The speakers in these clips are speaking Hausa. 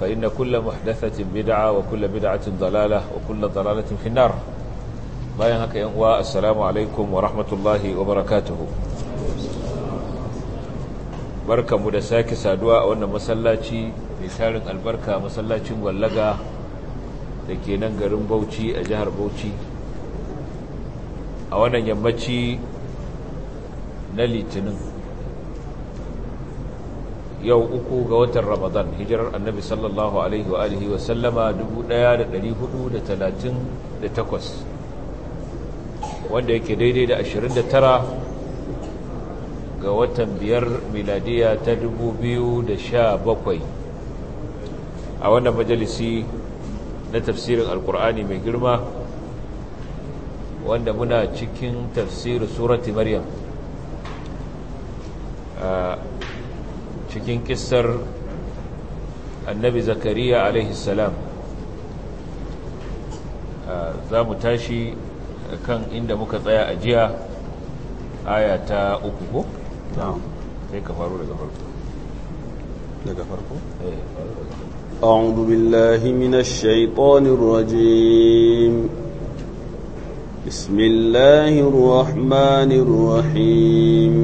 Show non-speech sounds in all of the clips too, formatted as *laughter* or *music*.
فإن كل محدثة bid'a وكل بدعة ضلالة وكل ضلالة في النار bayan haka yan uwa assalamu alaikum wa rahmatullahi wa barakatuhu barkamu da sake saduwa a wannan masallaci mai tarin albarka masallacin gwallaga da kenan garin Bauchi a jihar Bauchi a wannan yammaci na Litinin yau uku ga watan ramadan hijirar annabi sallallahu alaihi wa alihi wa 1438 wanda yake daidai da 29 ga watan biyar miladiya ta 2017 a wannan majalisi na tafsirin alkur'ani mai girma wanda muna cikin tafsirin surati maryam ah, cikin kissar annabi zakariya alaihi salam za mu tashi kan inda muka tsaya a jiya aya ta uku ko? sai ka faru daga farko daga farko? أعوذ بالله من الشيطان الرجيم بسم الله الرحمن الرحيم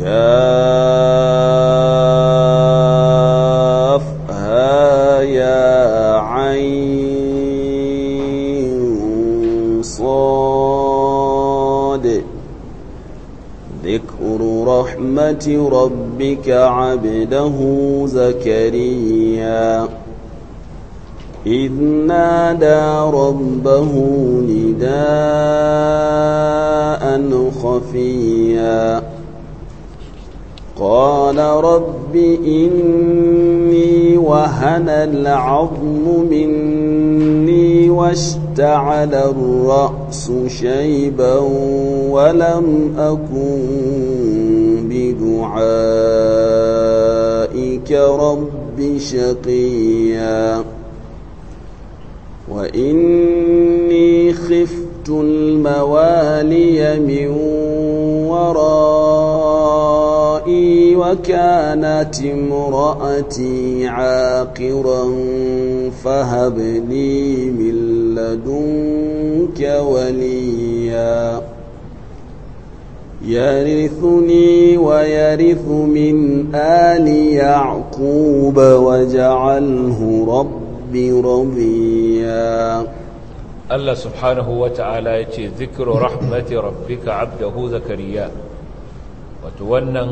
كافها يا عين صاد ذكر رحمة ربك عبده زكريا إذ نادى ربه نداء خفيا قال رب إني وهن العظم مني واشتعل الرأس شيبا ولم أكن بدعائك رب شقيا وإني خفت الموالي من ورائي وكانت امرأتي عاقرا فهب لي من لدنك وليا يرثني ويرث من آل يعقوب وجعله رب رضيا الله سبحانه وتعالى يتي ذكر رحمة ربك عبده زكريا وتونن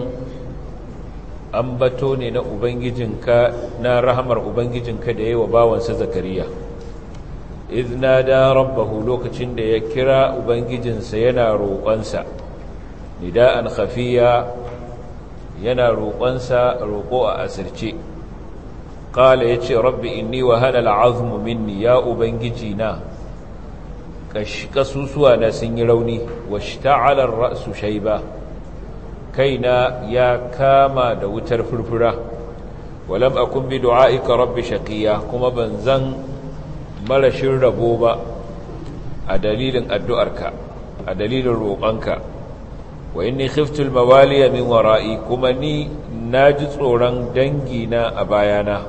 An bato ne na ubangijinka na rahamar ubangijinka da yayi wa bawansa zakariya izna da rabbahu lokacin da ya kira ubangijinsa yana roƙonsa nida'an khafiya yana roƙonsa roƙo a asirce qala yace rabbi inni wa hana al'azmu minni ya ubangiji na kasusuwa na sun yi rauni washta'ala ar-ra'su shayba kaina ya kama da wutar furfura walam akun bi du'aika rabbi shaqiya kuma ban zan marashin rabo ba a dalilin addu'arka a dalilin roƙonka wa inni khiftu al-mawaliya min wara'i kuma ni naji tsoron dangina a bayana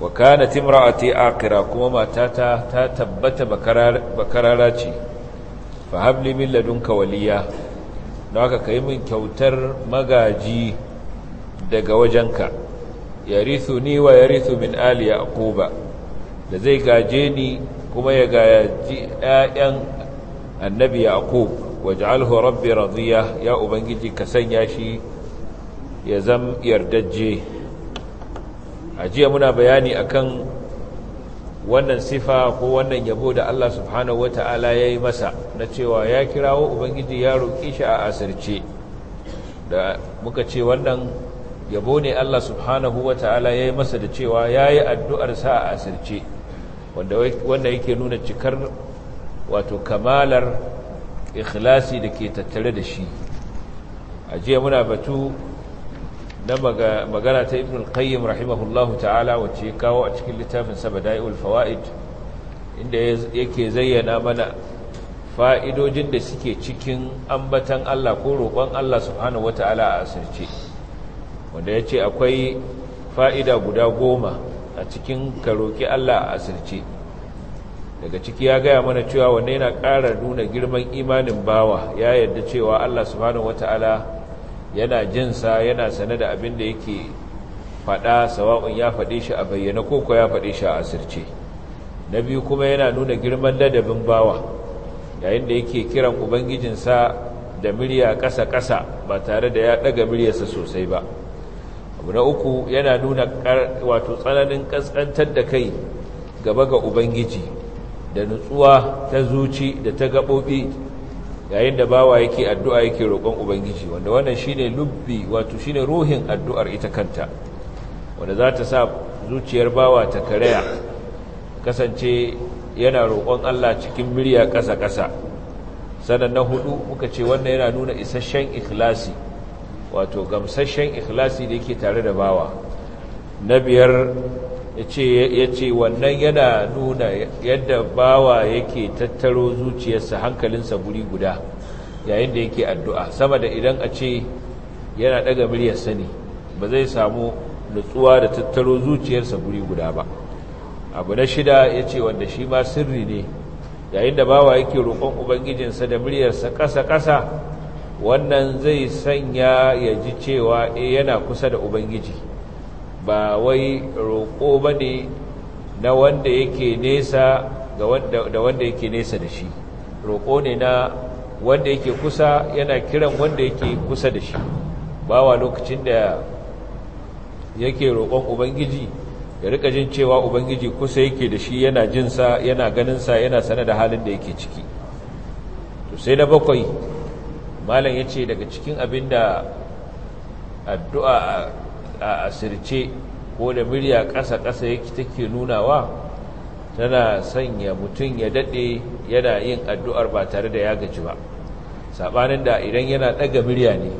wa kanat imra'ati akira kuma matata ta tabbata bakarara ce fa habli min ladunka waliya don haka ka yi min kyautar magaji daga wajenka ya rithu ni wa ya rithu min ali ya akuba da zai gaje ni kuma ya gaji ‘ya'yan annabi ya akub waje alhu rabbi ya ubangiji ka sanya shi ya zam yardajje a jiya muna bayani akan wannan sifa ko wannan yabo da Allah subhanahu wata'ala ya yi masa na cewa ya kirawo ubangiji ya roƙi shi a asirce da muka ce wannan yabo ne Allah subhanahu wata'ala ya yi masa da cewa ya yi addu'arsa a asirce wanda yake nuna cikar wato kamalar ikhlasi da ke tattare da shi a jiya muna batu na magana ta ibn al-qayyim rahimahullahu ta'ala wacce kawo a cikin littafin sabada'iul fawaid inda yake zayyana mana fa'idojin da suke cikin ambatan Allah ko roƙon Allah subhanahu wata'ala a asirce wanda yace akwai fa'ida guda goma a cikin ka roƙi Allah a asirce daga ciki ya gaya mana cewa wanne yana ƙara nuna girman imanin bawa ya yarda cewa Allah subhanahu wata'ala yana jinsa yana sane da abin da yake faɗa sawa'un ya faɗi shi a bayyana ko ko ya faɗe shi a asirce na biyu kuma yana nuna girman ladabin bawa yayin da yake kiran ubangijinsa da murya ƙasa-ƙasa ba tare da ya ɗaga muryarsa sosai ba abu na uku yana nuna wato tsananin ƙasƙantar da kai gaba ga ubangiji da nutsuwa ta zuci da ta gaɓoɓi yayin da bawa yake addu'a yake roƙon ubangiji wanda wannan shi ne lubbi wato shi ne ruhin addu'ar ita kanta wanda za ta sa zuciyar bawa ta karaya kasance yana roƙon Allah cikin murya ƙasa-ƙasa sannan na hudu muka ce wannan yana nuna isasshen ikhlasi wato gamsasshen ikhlasi da yake tare da bawa na biyar ya ce wannan yana nuna yadda bawa yake tattaro zuciyarsa hankalinsa guri guda yayin da yake addu'a sama da idan a ce yana ɗaga muryarsa ne ba zai samu nutsuwa da tattaro zuciyarsa guri guda ba abu na shida ya ce wanda shi ma sirri ne yayin da bawa yake roƙon ubangijinsa da miliyarsa ƙasa-ƙasa wannan zai sanya ya ji cewa eh, yana kusa da ubangiji ba wai roƙo ba ne na wanda yake nesa da wanda yake nesa da shi roƙo ne na wanda yake kusa yana kiran wanda yake kusa da shi bawa lokacin da yake roƙon ubangiji ya rika jin cewa ubangiji kusa yake da shi yana jinsa yana ganinsa yana sane da halin da yake ciki to sai na bakwai malam ya ce daga cikin abin da addu'a a asirce ko da murya ƙasa-ƙasa yake take nunawa tana sanya mutum ya daɗe yana yin addu'ar ba tare da ya gaji ba saɓanin da idan yana ɗaga murya ne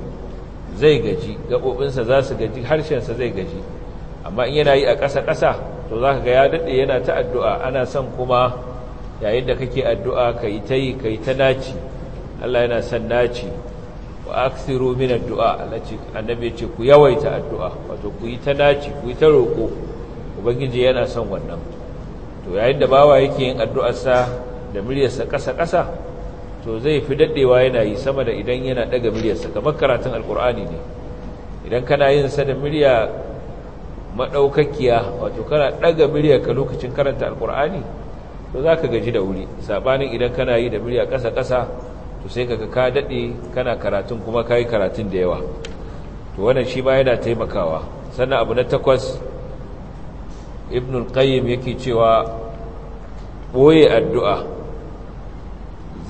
zai gaji gaɓoɓinsa za su gaji harshensa zai gaji amma in yana yi a ƙasa-ƙasa to za ka ga ya daɗe yana ta addu'a ana son kuma yayin da kake addu'a ka yi ta yi ka yi ta naci Allah yana son naci wa aksiru min addu'a annabi ya ku yawaita addu'a wato ku yi ta daci ku yi ta roƙo ubangiji yana son wannan to yayin da bawa yake yin addu'arsa da muryarsa ƙasa-ƙasa to zai fi daɗewa yana yi sama da idan yana ɗaga muryarsa kamar karatun alƙur'ani ne idan kana yin sa da murya madaukakiya wato kana ɗaga muryarka lokacin karanta alƙur'ani to za ka gaji da wuri saɓanin idan kana yi da murya ƙasa-ƙasa to sai kaga ka dade kana karatun kuma kai karatun da yawa to wannan shi ba yana taimakawa sannan abu na takwas ibnul qayyim yake cewa boye addu'a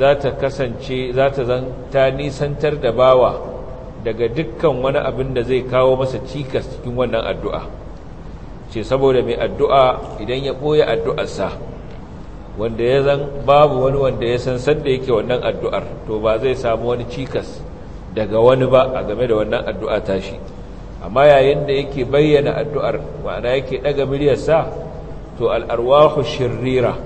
za ta kasance za ta zan ta nisantar da bawa daga dukkan wani abin da zai kawo masa cikas cikin wannan addu'a ce saboda mai addu'a idan ya boye addu'arsa wanda ya zan babu wani wanda ya san sanda yake wannan addu'ar to ba zai samu wani cikas daga wani ba a game da wannan addu'a tashi amma yayin da yake bayyana addu'ar ma'ana yake ɗaga miliyarsa to al'arwahu shirira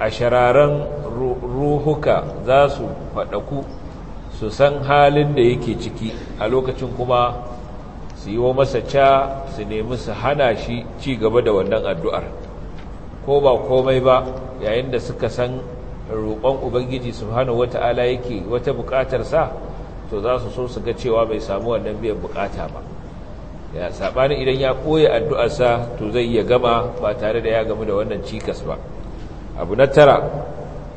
a shararen ruhuka za su faɗaku su san halin da yake ciki a lokacin kuma su yi wa masa ca su nemi su hana shi ci gaba da wannan addu'ar ko ba komai ba yayin da suka san roƙon ubangiji subhanahu wata'ala yake wata buƙatar sa to za su so su ga cewa bai samu wannan biyan buƙata ba ya sabani idan ya koya addu'ar sa to zai iya gama ba tare da ya gamu da wannan cikas ba abu na tara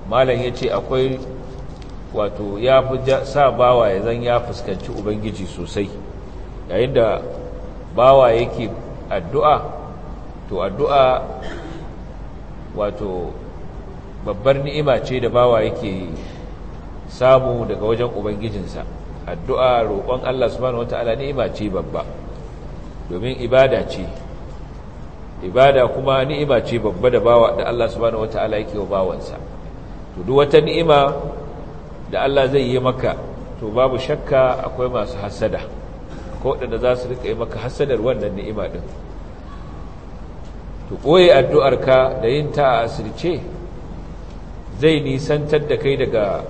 malam yace akwai wato ya fi sa bawa ya zan ya fuskanci ubangiji sosai yayin da bawa yake addu'a to addu'a wato babbar ni'ima ce da bawa yake samu daga wajen ubangijinsa addu'a roƙon Allah subhanahu wata'ala ni'ima ce babba domin ibada ce ibada kuma ni'ima ce babba da bawa da Allah subhanahu wata'ala yake wa bawansa to duk wata ni'ima da Allah zai yi maka to babu shakka akwai masu hasada ko waɗanda za su rika yi maka hasadar wannan ni'ima din to koyi addu'arka da yin ta a asirce zai nisantar da kai daga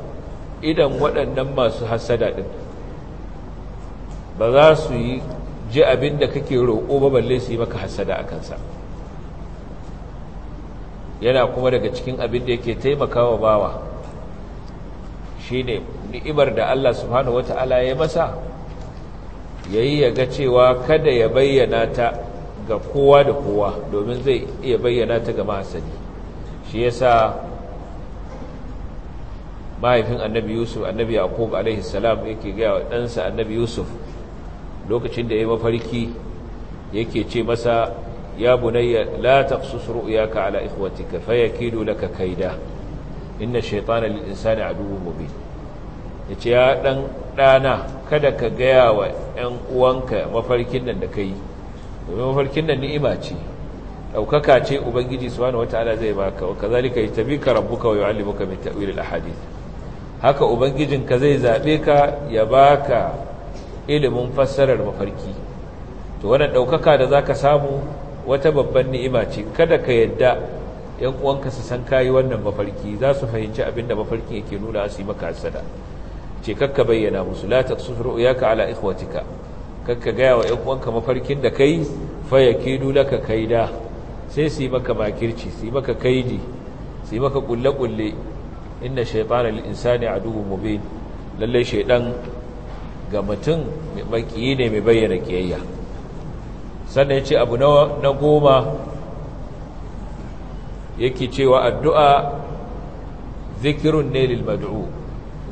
idan waɗannan masu hasada ɗin ba za su yi ji abin da kake roƙo ba balle su yi maka hasada a kansa yana kuma daga cikin abin da yake taimakawa bawa shi ne ni'imar da Allah subhanahu wata'ala ya masa ya yi ya ga cewa kada ya bayyana ta ga kowa da kowa domin zai iya bayyana ta ga masani shi sa. mahaifin annabi yusuf annabi yaqub alaihi salam yake gaya wa ɗansa annabi yusuf lokacin da ya mafarki yake ce masa ya bunayya la taqsus ru'yaka ala ikhwatika fayakidu laka kaida inna shaytana lil insani aduwwun mubin yace ya dan dana kada ka gaya wa 'yan uwanka mafarkin nan da kai domin mafarkin nan ni'ima ce Ɗaukaka ce ubangiji subhanahu wataala zai baka wa kazalika yatabika rabbuka wa yu'allimuka min ta'wil al ahadith haka ubangijinka zai zaɓe ka ya baka ilimin fassarar mafarki to wannan ɗaukaka da ka samu wata babban ni'ima ce kada ka yadda yan uwanka su san kayi wannan mafarki za su fahimci abin da mafarkin yake nuna su yi maka hasada ce kakka bayyana musu la taqsus ru'yaka ala ikhwatika kakka gaya wa yan uwanka mafarkin da kai fa ka kai kaida sai su yi maka makirci su yi maka kaidi su yi maka kulle-kulle inna shaytana lil insani aduwwun mubin lallai shaydan ga mutum mai baki ne mai bayyana kiyayya sannan ya ce abu na goma yake cewa addu'a zikirun ne lilmadu'u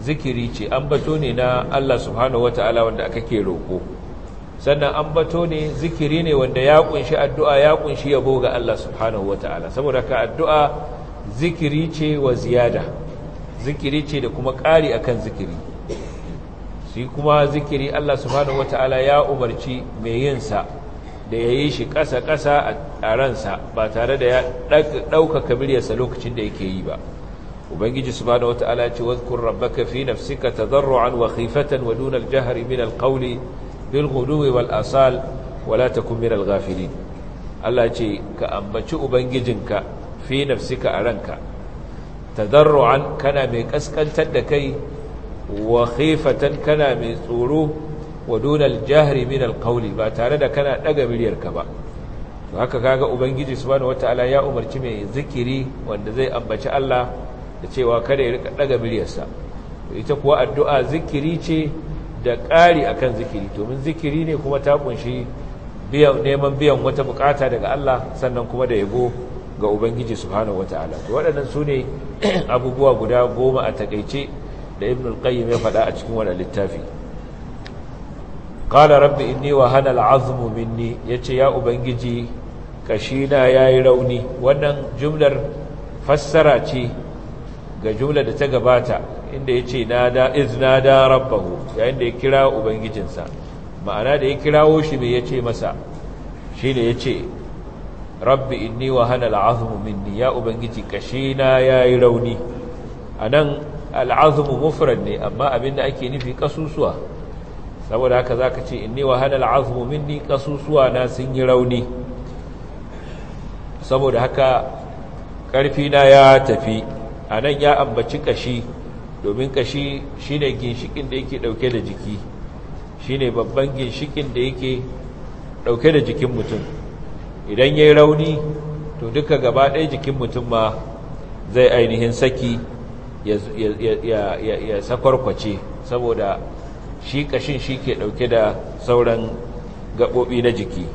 zikiri ce ambato ne na Allah subhanahu wataala wanda aka ke roƙo sannan ambato ne zikiri ne wanda ya kunshi addu'a ya kunshi yabo ga Allah subhanahu wataala saboda ka addu'a zikiri ce wa ziyada zikiri ce da kuma ƙari akan zikiri sai kuma zikiri Allah subhanahu ta'ala ya umarci mai yin sa da ya yi shi ƙasa-ƙasa a ransa ba tare da ya ɗaukaka miryarsa lokacin da yake yi ba ubangiji subhanahu ta'ala ce wadhkur rabbaka fi nafsika tadarruan wa khifatan wa duna jahri min al bil ghuduwi wal asal wa la takun min al Allah ce ka ambaci ubangijinka fi nafsika a ranka tadarru'an kana mai kaskantar da kai wa khifatan kana mai tsoro wa dunal jahri min alqawli ba tare da kana daga miryarka ba to haka kaga ubangiji subhanahu wataala ya umarci mai zikiri wanda zai ambaci Allah da cewa kada ya rika daga miliyarsa ita kuwa addu'a zikiri ce da ƙari akan zikiri domin zikiri ne kuma ta kunshi biyan neman biyan wata bukata daga Allah sannan kuma da yabo ga ubangiji subhanahu wataala to waɗannan su ne *clears throat* abubuwa guda goma a takaice da ibn al-qayyim ya faɗa a cikin wannan littafi qala rabbi inni wa hana al-azmu minni yace ya ubangiji kashina yayi rauni wannan jumlar fassara ce ga jumlar da ta gabata inda yace “Izna da rabbahu yayin da ya kira ubangijinsa ma'ana da ya kirawo shi me yace masa shine yace rabbi inni wa hana al’azumu minni ya ubangiji ya yi rauni A nan, al’azumu mufrad ne amma abinda ake nufi kasusuwa saboda haka za zaka ce inni wa hana al’azumu minni kasusuwa na sun yi rauni saboda haka karfi na ya tafi A nan, ya ambaci kashi domin kashi ne ginshikin da yake dauke da jiki shi ne babban ginshikin da yake ɗauke da jikin mutum idan yayi rauni to duka gaba ɗaya jikin mutum ma zai ainihin saki ya sakwarkwace saboda shi ƙashin shi ke ɗauke da sauran gaɓoɓi na jiki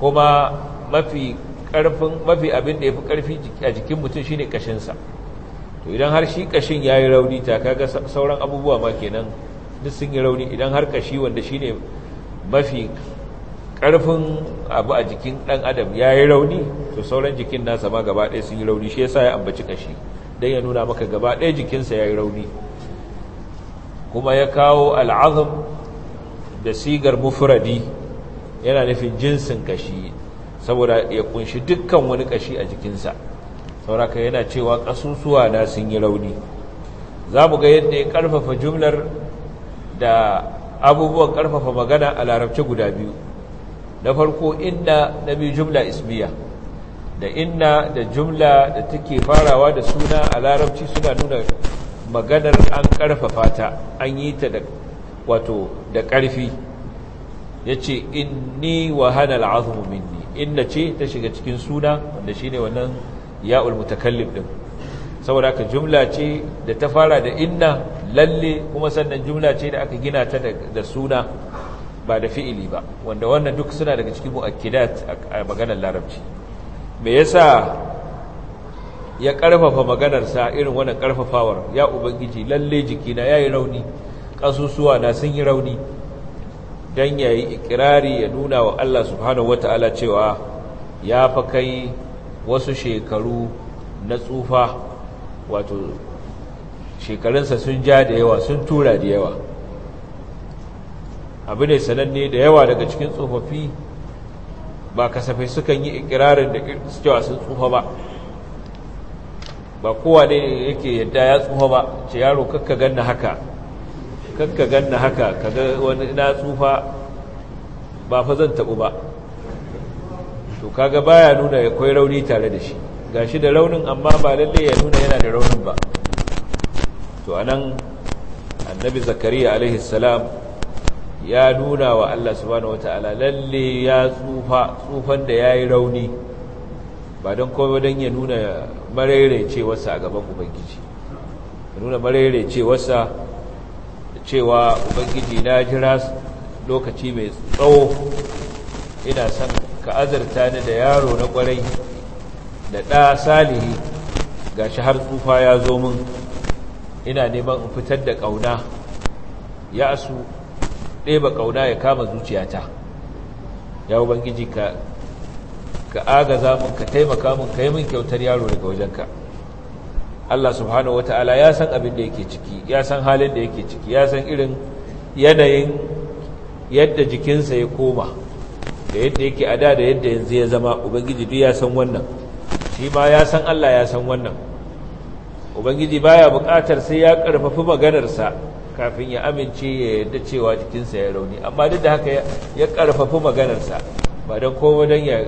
kuma mafi ƙarfin mafi abin da ya fi ƙarfi a jikin mutum shi ne ƙashinsa to idan har shi ƙashin ya yi rauni ta kaga sauran abubuwa ma kenan duk sun yi rauni idan har ƙashi wanda shi ne mafi ƙarfin abu a jikin ɗan adam ya yi rauni to sauran jikin nasa ma gaba ɗaya sun yi rauni shi yasa ya ambaci ƙashi don ya nuna maka gaba ɗaya jikinsa ya yi rauni kuma ya kawo al'azam da sigar mufuradi yana nufin jinsin kashi saboda ya kunshi dukkan wani kashi a jikinsa sauraka yana cewa ƙasusuwa na sun yi rauni za mu ga yadda ya ƙarfafa jumlar da abubuwan ƙarfafa magana a larabci guda biyu na farko inna na biyu jumla ismiya da inna da jumla da take farawa da suna a larabci suna nuna maganar an karfafa ta an yi ta da wato da karfi ya ce inni wa hana al'azumu minni inna ce ta shiga cikin suna wanda shi ne wannan ya'ul mutakallim ɗin saboda aka jumla ce da ta fara da inna lalle kuma sannan jumla ce da aka gina ta da suna ba da fi'ili ba wanda wannan duk suna daga cikin mu'akkidat a maganar larabci me yasa ya karfafa maganarsa irin wannan karfafawar ya ubangiji lalle jikina yayi rauni kasusuwa na sun yi rauni dan yayi ikirari ya nuna wa Allah subhanahu wataala cewa ya fa kai wasu shekaru na tsufa wato shekarunsa sun ja da yawa sun tura da yawa abu ne sananne da yawa daga cikin tsofaffi ba kasafai sukan yi ikirarin da cewa sun tsufa ba ba kowa ne yake yadda ya tsufa ba ce yaro kakka ganna haka kakka ganna haka kaga wani na tsufa ba fa zan tabu ba to kaga baya nuna ya koyi rauni tare da shi gashi da raunin amma ba lalle ya nuna yana da raunin ba to anan annabi zakariya alaihi salam ya nuna wa Allah subhanahu wata'ala lalle ya tsufa tsufan da ya yi rauni ba don komai don ya nuna wasa a gaban ubangiji ya nuna marerecewarsa cewa ubangiji na jira lokaci mai tsawo ina son ka azarta ni da yaro na kwarai da ɗa salihi ga shi har tsufa ya zo min ina neman fitar da ƙauna ya su ɗeba ƙauna ya kama zuciyata ya ubangiji ka ka agaza mun ka taimaka mun ka yi mun kyautar yaro daga wajenka Allah subhanahu wata'ala ya san abin da yake ciki ya san halin da yake ciki ya san irin yanayin yadda jikinsa ya koma da yadda yake a da da yadda yanzu ya zama ubangiji duk ya san wannan shi ma ya san Allah ya san wannan ubangiji baya buƙatar sai ya ƙarfafi maganarsa kafin ya amince ya yarda cewa jikinsa ya rauni amma duk da haka ya ƙarfafi maganarsa ba don kowa don ya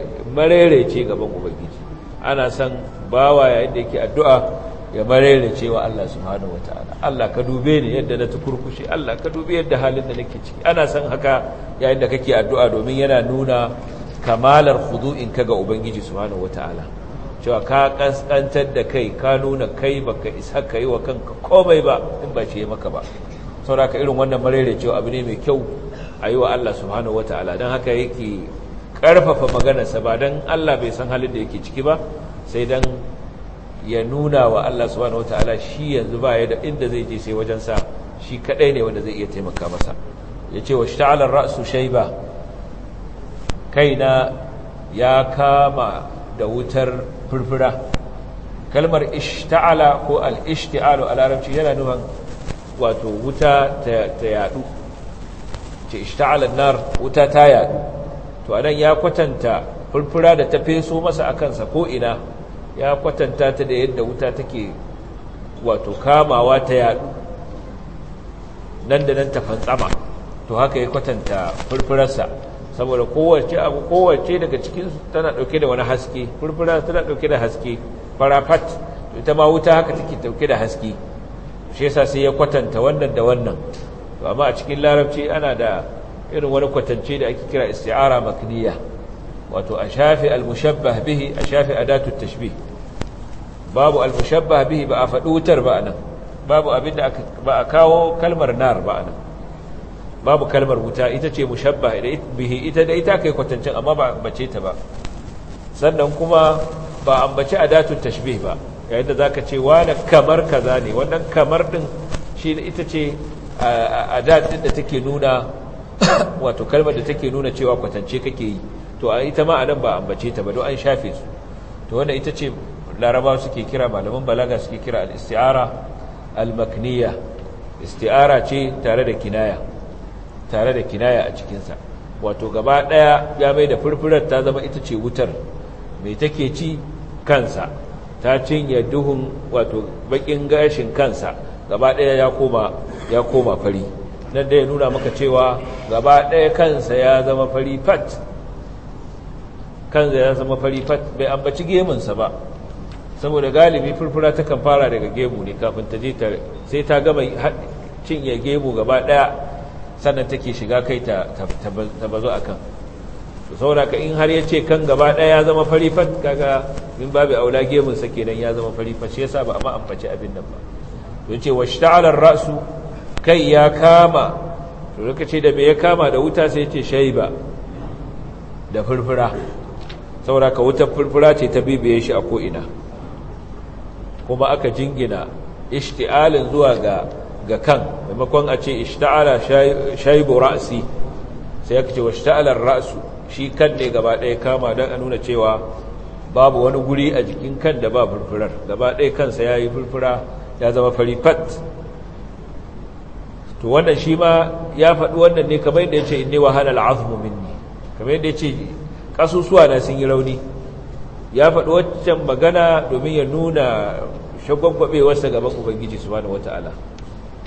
ce gaban ubangiji ana son bawa yayin da yake addu'a ya marerece wa Allah subhanahu wataala Allah ka dube ni yadda na tukurkushe Allah ka dube yadda halin da nake ciki ana son haka yayin da kake addu'a domin yana nuna kamalar khudu'in ka ga ubangiji subhanahu wataala cewa ka kaskantar da kai ka nuna kai baka isa kai wa kanka komai ba in ba shi maka ba ka irin wannan marerecewa abu ne mai kyau a yi wa Allah subhanahu wa ta'ala don haka yake ƙarfafa maganarsa ba don Allah bai san halin da yake ciki ba sai don ya nuna wa Allah subhanahu wa ta'ala shi yanzu ba da inda zai je sai wajensa shi kaɗai ne wanda zai iya taimaka masa ya ce wa sha'alar ra'su shaiba kaina ya kama da wutar furfura kalmar ishta'ala ko al-ishti'alu a larabci yana nufin wato wuta ta yadu ce ishta'alan nar wuta ta yadu to anan ya kwatanta furfura da ta feso masa akan sa ko ina ya kwatanta ta da yadda wuta take wato kamawa ta yadu nan da nan ta fantsama to haka ya kwatanta furfurarsa saboda kowace abu kowace daga cikin tana dauke da wani haske furfura tana dauke da haske farafat ita ma wuta haka take dauke da haske shi yasa sai ya kwatanta wannan da wannan amma a cikin larabci ana da irin wani kwatance da ake kira isti'ara makniya wato a shafi al-mushabbah bihi a shafi adatu tashbih babu al-mushabbah bihi ba a fadutar ba nan, babu abinda ba a kawo kalmar nar ba nan, babu kalmar wuta ita ce mushabbah bihi ita da ita kai kwatancin amma ba ambace ta ba sannan kuma ba ambace adatu tashbih ba yayin da za ka ce wane kamar kaza ne wannan kamar ɗin shi ita ce a daɗin da take nuna wato kalmar da take nuna cewa kwatance kake yi to a ita ma a nan ba ambace ta ba don an shafe su to wannan ita ce laraba suke kira malaman balaga suke kira al-isti'ara al-makniya isti'ara ce tare da kinaya tare da kinaya a cikinsa wato gaba ɗaya ya mai da furfurar ta zama ita ce wutar mai take ci kansa ta cinye duhun wato bakin gashin kansa gaba ɗaya ya koma ya koma fari nan da ya nuna maka cewa gaba ɗaya kansa ya zama fari fat kansa ya zama fari fat bai ambaci gemunsa ba saboda galibi furfura ta kan fara daga gemu ne kafin ta je ta sai ta gama cinye gemu gaba ɗaya sannan take shiga kai ta bazo kan. to saboda ka in har ya ce kan gaba ɗaya ya zama farifat kaga min babu aula gemunsa kenan ya zama farifat shi yasa ba a ma ambaci abin nan ba to ce ta'alar ra'su kai ya kama to rika ce da me ya kama da wuta sai ya ce shaiba da furfura saboda ka wutar furfura ce ta bibiye shi a ko'ina kuma aka jingina ishti'alin zuwa ga ga kan maimakon a ce ishta'ala shaibu ra'si sai aka ce ta'alar ra'su shi kan ne gaba ɗaya kama don a nuna cewa babu wani guri a jikin kan da ba furfurar gaba ɗaya kansa ya yi furfura ya zama fari to wannan shi ma ya faɗi wannan ne kamar yadda ya ce inni wahalar al'azmu minni kamar yadda ya ce ƙasusuwa na sun yi rauni ya faɗi waccan magana domin ya nuna shagwagwabewarsa gaban ubangiji wata wata'ala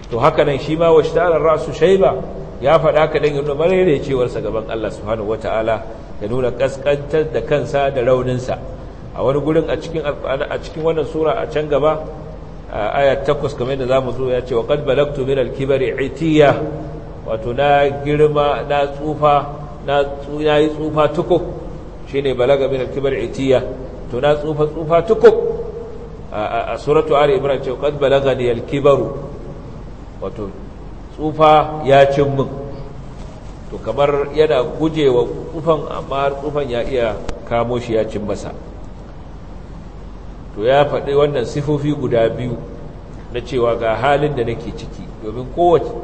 to haka nan shi ma wasu shi ta'alar rasu shaiba ya faɗa ka dan mara yare cewarsa gaban Allah subhanahu wataala ya nuna ƙasƙantar da kansa da rauninsa a wani gurin a cikin a cikin wannan sura a can gaba aya takwas kamar yadda mu zo ya ce wa qad balagtu min alkibari itiya wato na girma na tsufa na yi tsufa tukuk shi ne balaga min alkibari itiya to na tsufa tsufa tukuk a suratu ari ibrahim ce qad balaga ni alkibaru wato tsufa ya cin min to kamar yana gujewa tsufan amma tsufan ya iya kamo shi ya cin masa to ya faɗi wannan sifofi guda biyu na cewa ga halin da nake ciki domin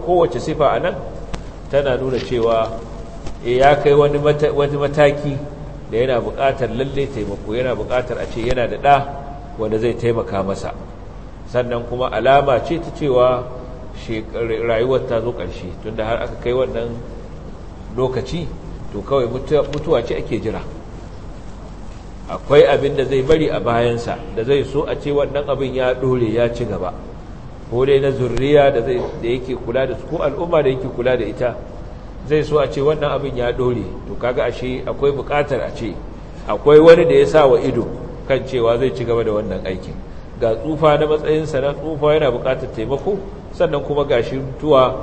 kowace sifa a nan tana nuna cewa eh, ya kai wani mataki da yana buƙatar lalle taimako yana buƙatar a ce yana da ɗa wanda zai taimaka masa sannan kuma alama ce ta cewa rayuwar ta zo ƙarshe tunda har aka kai wannan lokaci to kawai mutuwa ce ake jira akwai abin da zai bari a bayansa da zai so a ce wannan abin ya dore ya ci gaba ko dai na zurriya da yake kula da su ko al'umma da yake kula da ita zai so a ce wannan abin ya dore to kaga ashe akwai bukatar a ce akwai wani da ya sa wa ido kan cewa zai ci gaba da wannan aikin ga tsufa na matsayinsa na tsufa yana bukatar taimako sannan kuma gashi mutuwa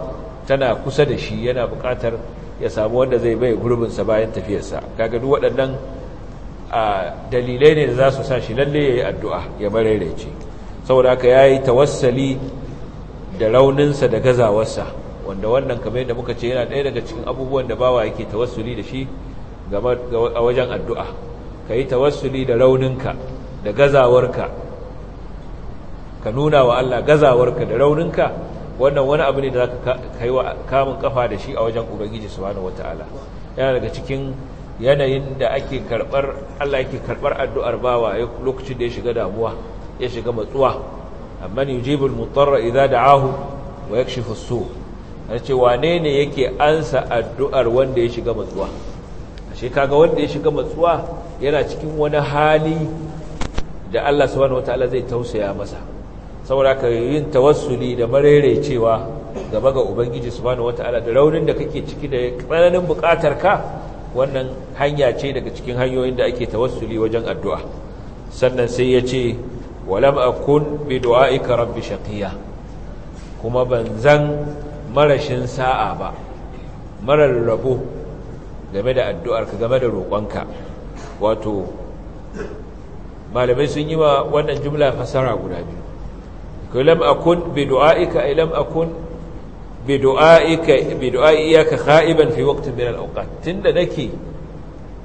tana kusa da shi yana buƙatar ya samu wanda zai bai gurbin sa bayan tafiyarsa kaga duk waɗannan dalilai ne da za su sa shi lalle ya yi addu'a ya mararece saboda haka ya yi tawassali da rauninsa da gazawarsa wanda wannan kamar yadda muka ce yana ɗaya daga cikin abubuwan da bawa yake tawassuli da shi a wajen addu'a ka yi tawassuli da rauninka da gazawarka ka nuna wa Allah gazawarka da rauninka wannan wani abu ne da za ka kai wa kamun kafa da shi a wajen ubangiji subhanahu wataala yana daga cikin yanayin da ake karbar Allah yake karbar addu'ar bawa lokacin da ya shiga damuwa ya shiga matsuwa amman yujibul mutarra idza da'ahu wa yakshifu as-su ce wane ne yake ansa addu'ar wanda ya shiga matsuwa ashe kaga wanda ya shiga matsuwa yana cikin wani hali da Allah subhanahu wataala zai tausaya masa saboda ka yin tawassuli da marerecewa gaba ga ubangiji subhanahu wataala da raunin da kake ciki da tsananin bukatar ka wannan hanya ce daga cikin hanyoyin da ake tawassuli wajen addu'a sannan sai ya ce walam akun bi du'aika rabbi shaqiya kuma ban zan marashin sa'a ba marar rabo game da addu'arka game da roƙonka wato malamai sun yi wa wannan jumla fasara guda biyu lam akun bi du'aika ay lam akun bi du'aika bi du'ai iyaka kha'iban fi waqtin min al-awqat tunda nake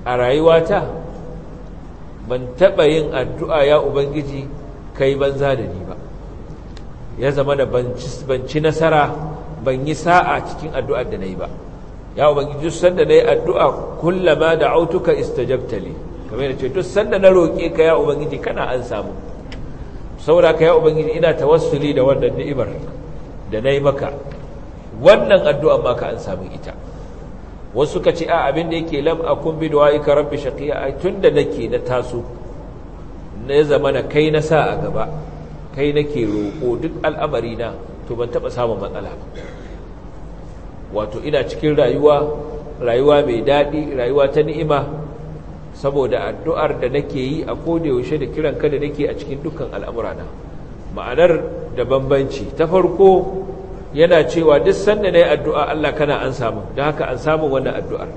a rayuwata ban taba yin addu'a ya ubangiji kai banza da ni ba ya zama da ban ci nasara ban yi sa'a cikin addu'ar da nayi ba ya ubangiji sanda nayi addu'a kullama da'autuka istajabta li kamar yace to sanda na roke ka ya ubangiji kana an samu saboda ka ya ubangiji ina tawassuli da wannan ni'imar da nayi maka wannan addu'an maka an samu ita wasu ka ce a abin da yake lam akun bi du'aika rabbi shaqiya ai tunda nake na taso na zama na kai na sa a gaba kai nake roƙo duk al'amari na to ban taɓa samun matsala wato ina cikin rayuwa rayuwa mai daɗi rayuwa ta ni'ima saboda addu'ar da nake yi a yaushe da kiran ka da nake a cikin dukkan al'amurana ma'anar da bambanci ta farko yana cewa duk sanda na yi addu'a Allah kana an samu da haka an samu wannan addu'ar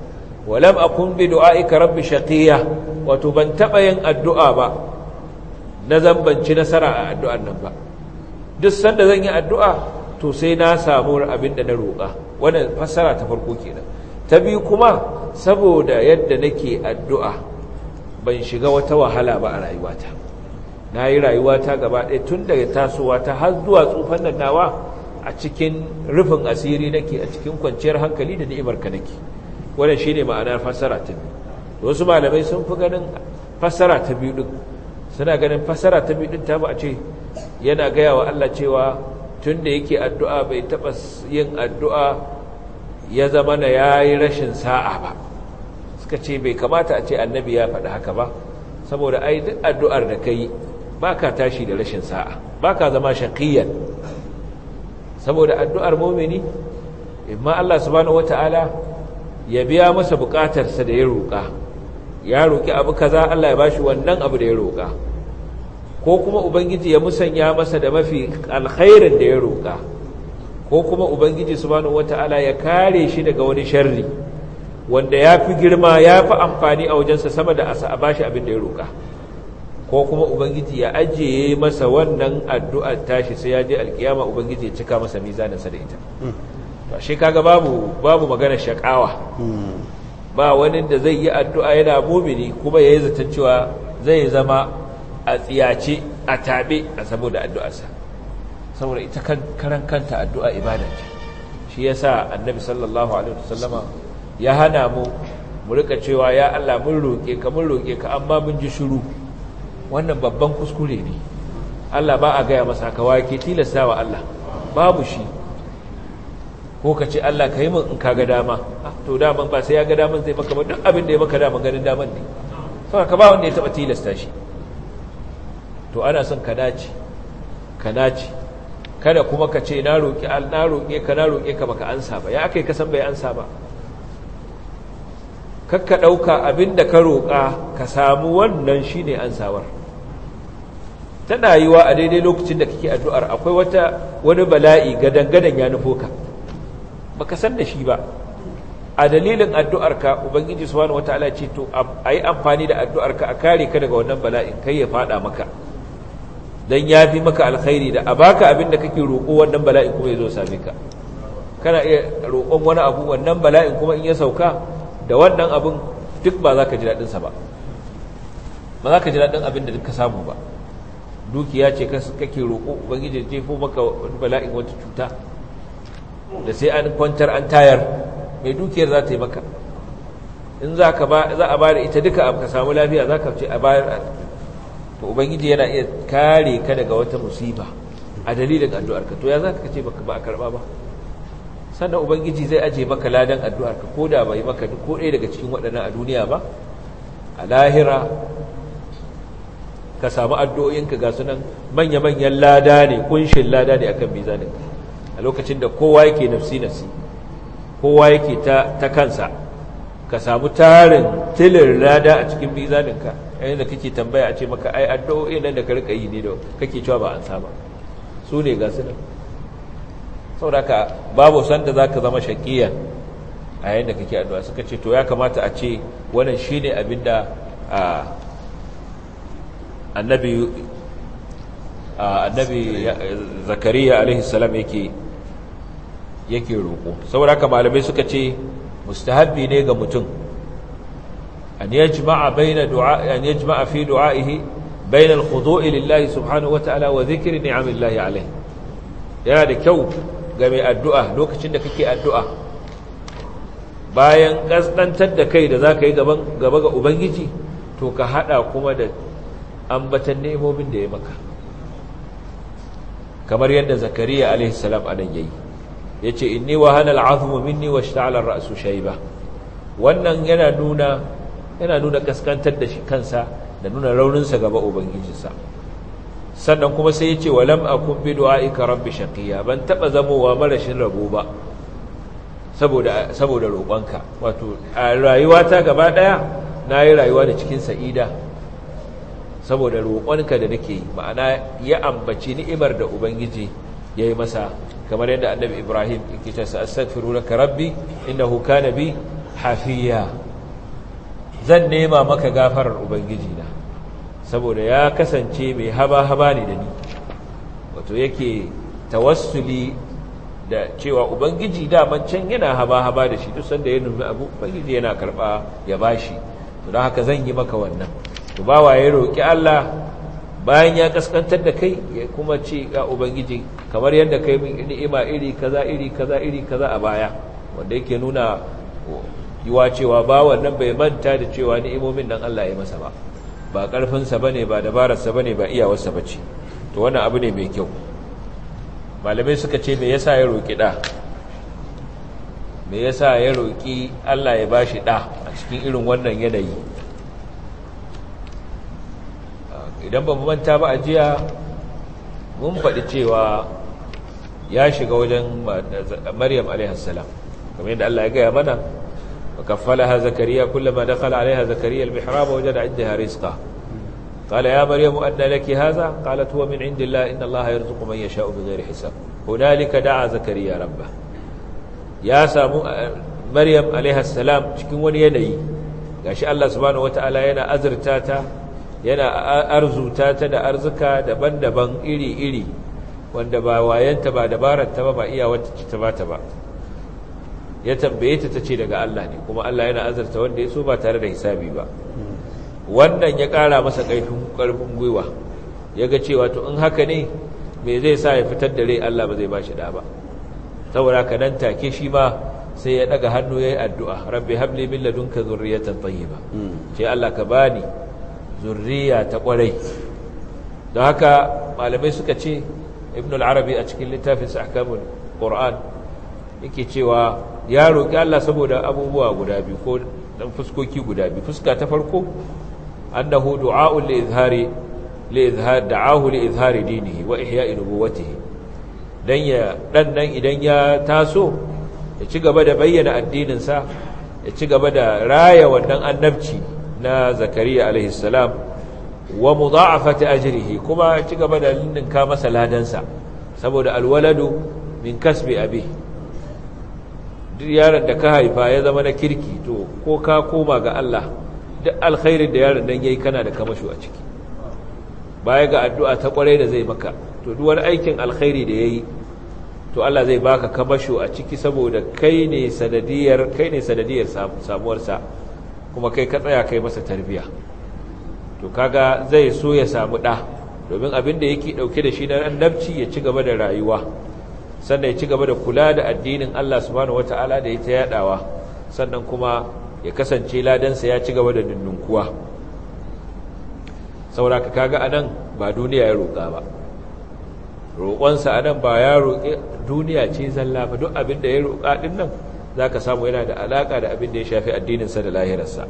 walam akun bi du'a'ika rabbi shaqiya wato ban taɓa yin addu'a ba na zambanci nasara a addu'ar nan ba duk sanda zan yi addu'a to sai na samu abin da na roƙa wannan fassara ta farko kenan ta biyu kuma saboda yadda nake addu'a ban shiga wata wahala ba a rayuwata na yi rayuwata gaba ɗaya tun daga tasowa ta har zuwa tsufan nan nawa a cikin rufin asiri nake a cikin kwanciyar hankali da ni'imar ka nake wannan shine ma'anar fassara ta biyu wasu malamai sun fi ganin fassara ta biyu din suna ganin fassara ta biyu din ta ba a ce yana gaya wa Allah cewa tun da yake addu'a bai taɓa yin addu'a ya zama na ya yi rashin sa'a ba suka ce bai kamata a ce annabi ya faɗi haka ba saboda ai duk addu'ar da ka yi ba ka tashi da rashin sa'a ba ka zama shaƙiyyar saboda addu'ar momini imma Allah subhanahu wata'ala ya biya masa buƙatarsa da ya roƙa ya roƙi abu kaza Allah ya bashi wannan abu da ya roƙa ko kuma ubangiji ya musanya masa da mafi alkhairin da ya roƙa ko kuma ubangiji subhanahu wata'ala ya kare shi daga wani sharri wanda ya fi girma ya fi amfani a wajensa sama da a bashi abin da ya roƙa ko kuma ubangiji ya ajiye masa wannan addu'ar tashi sai ya je alkiyama ubangiji ya cika masa mizaninsa da ita to shi kaga babu babu magana shakawa ba wani da zai yi addu'a yana mumini kuma ya yayi zaton cewa zai zama a tsiyace a taɓe a saboda addu'arsa saboda ita kan karan kanta addu'a ibada ce shi yasa annabi sallallahu alaihi wasallama ya hana mu mu rika cewa ya Allah mun roƙe ka mun roƙe ka amma mun ji shiru wannan babban kuskure ne Allah ba a gaya masa ka wake tilasta wa Allah babu shi ko ka ce Allah ka yi min in ka ga dama ah, to daman ba sai ya ga daman zai maka ba duk abin da ya maka daman ganin daman ne saboda ka ba wanda ya taɓa tilasta shi to ana son ka dace ka dace kada kuma ka ce na roƙe ka na roƙe ka baka ansa ba ya akai ka san bai ansa ba kakka ɗauka abin da ka roƙa ka samu wannan shi ne ansawar tana yi wa a daidai lokacin da kake addu'ar akwai wata wani bala'i gadangadan ya nufo ka ba ka san da shi ba a dalilin addu'arka ubangiji su wani wata ce to a yi amfani da addu'ar ka a kare ka daga wannan bala'in kai ya faɗa maka don ya fi maka alkhairi da a baka abin da kake roƙo wannan bala'in kuma ya zo same ka kana iya roƙon wani abu wannan bala'in kuma in ya sauka da wannan abin duk ba za ka ji daɗinsa ba ba za ka ji daɗin abin da duk ka samu ba dukiya ce kake roƙo ubangiji jefo maka wani bala'in wata cuta da sai an kwantar an tayar mai dukiyar za ta yi maka in za a ba da ita duka ka samu lafiya za ka ce a bayar to ubangiji yana iya kare ka daga wata musiba a dalilin addu'arka to ya za ka ce ba a karɓa ba sannan ubangiji zai aje maka ladan addu'ar ka ko da bai maka ko ɗaya daga cikin waɗannan a duniya ba a lahira ka samu addu'o'inka ga sunan manya-manyan lada ne kunshin lada ne akan mizanin a lokacin da kowa yake nafsi nafsi kowa yake ta kansa ka samu tarin tilin lada a cikin mizaninka yayin da kake tambaya a ce maka ai addu'o'in nan da ka rika yi ne da kake cewa ba an saba su ne ga sunan saboda ka babu sanda za ka zama shakiyan a yayin da kake addu'a suka ce to ya kamata a ce wannan shi ne abin da annabi annabi zakariya alaihi yake yake roƙo saboda haka malamai suka ce mustahabbi ne ga mutum an yajma'a baina du'a an yajma'a fi du'a'ihi baina al-khudu'i lillahi subhanahu wa ta'ala wa dhikri ni'amillahi alayhi yana da kyau ga mai addu'a lokacin da kake addu'a bayan ƙasɗantar da kai da za ka yi gaba ga ubangiji to ka haɗa kuma da ambatan ne'imomin da ya maka kamar yadda zakariya alaihissalam a nan ya yi ya ce inni wa hana al'azumu minni wa shita'alar ra'asu shaiba wannan yana nuna yana nuna da shi kansa da nuna rauninsa gaba ubangijinsa sannan kuma sai ya ce walam akun bi du'aika rabbi shaqiya ban taba zamowa marashin rabo ba saboda saboda roƙonka wato a rayuwata gaba daya nayi rayuwa da cikin sa'ida saboda roƙonka da nake yi ma'ana ya ambaci ni'imar da ubangiji yayi masa kamar yadda annabi Ibrahim yake cewa astaghfiru laka rabbi innahu kana bi hafiya zan nema maka gafarar ubangiji na saboda ya kasance mai haba-haba ne da ni wato yake tawassuli da cewa ubangiji daman can yana haba-haba da shi duk sanda ya nufi abu ubangiji yana karba ya bashi to don haka zan yi maka wannan to bawa ya roƙi Allah bayan ya kaskantar da kai ya kuma ce ga ubangiji kamar yadda kai min ni'ima iri kaza iri kaza iri kaza a baya wanda yake nuna yiwa cewa bawan nan bai manta da cewa ni'imomin nan Allah ya masa ba ba ƙarfinsa ba ne ba dabararsa ba ne ba iyawarsa ba ce to wannan abu ne mai kyau malamai suka ce me yasa ya roƙi ɗa me yasa ya roƙi allah ya ba shi ɗa a cikin irin wannan yanayi idan ba manta ba a jiya mun faɗi cewa ya shiga wajen maryam alaihassalam kamar yadda allah ya gaya mana فكفلها زكريا كلما دخل عليها زكريا المحراب وجد عندها رزقا قال يا مريم أن لك هذا قالت هو من عند الله إن الله يرزق من يشاء بغير حساب هنالك دعا زكريا ربه يا سامو مريم عليها السلام cikin wani yanayi gashi Allah subhanahu wataala yana azurta ta yana arzuta ta da arzuka daban-daban iri-iri wanda ba wayanta ba dabarar ta ba ba iyawarta ta ba ta ba ya tambaye ta tace daga Allah ne kuma Allah yana azarta wanda ya so ba tare da hisabi ba wannan ya kara masa ƙarfin ƙarfin gwiwa ya ga cewa to in haka ne me zai sa ya fitar da rai Allah ba zai ba shi da ba saboda ka nan take shi ma sai ya daga hannu yayi addu'a rabbi habli min ladunka zurriyatan tayyiba ce Allah ka bani zurriya ta kwarai don haka malamai suka ce Ibnul al-arabi a cikin littafin sa ahkamul qur'an yake cewa ya roƙi Allah saboda abubuwa guda biyu ko dan fuskoki guda biyu fuska ta farko annahu du'a'un li izhari li izhar da'ahu li izhari dinihi wa ihya'i nubuwwatihi dan ya dan nan idan ya taso ya ci gaba da bayyana addinin sa ya ci gaba da raya wannan annabci na zakariya alaihi salam wa mudha'afati ajrihi kuma ci gaba da ninka masa ladansa saboda alwaladu min kasbi abihi duk yaron da ka haifa ya zama na kirki to ko ka koma ga Allah duk alkhairin da yaron nan yayi kana da kamasho a ciki baya ga addu'a ta kwarai da zai maka to duk wani aikin alkhairi da yayi to Allah zai baka kamasho a ciki saboda kai ne sanadiyar kai ne sanadiyar samuwar sa kuma kai ka tsaya kai masa tarbiya to kaga zai so ya samu da domin abin da yake dauke da shi na annabci ya ci gaba da rayuwa sannan ya ci gaba da kula da addinin Allah subhanahu wata'ala da ya ta yadawa sannan kuma ya kasance ladansa ya ci gaba da dindinkuwa saboda kaga anan ba duniya ya roƙa ba roƙonsa anan ba ya roƙe duniya ce zalla ba duk abin da ya roƙa din nan za ka samu yana da alaka da abin da ya shafi addininsa da lahirarsa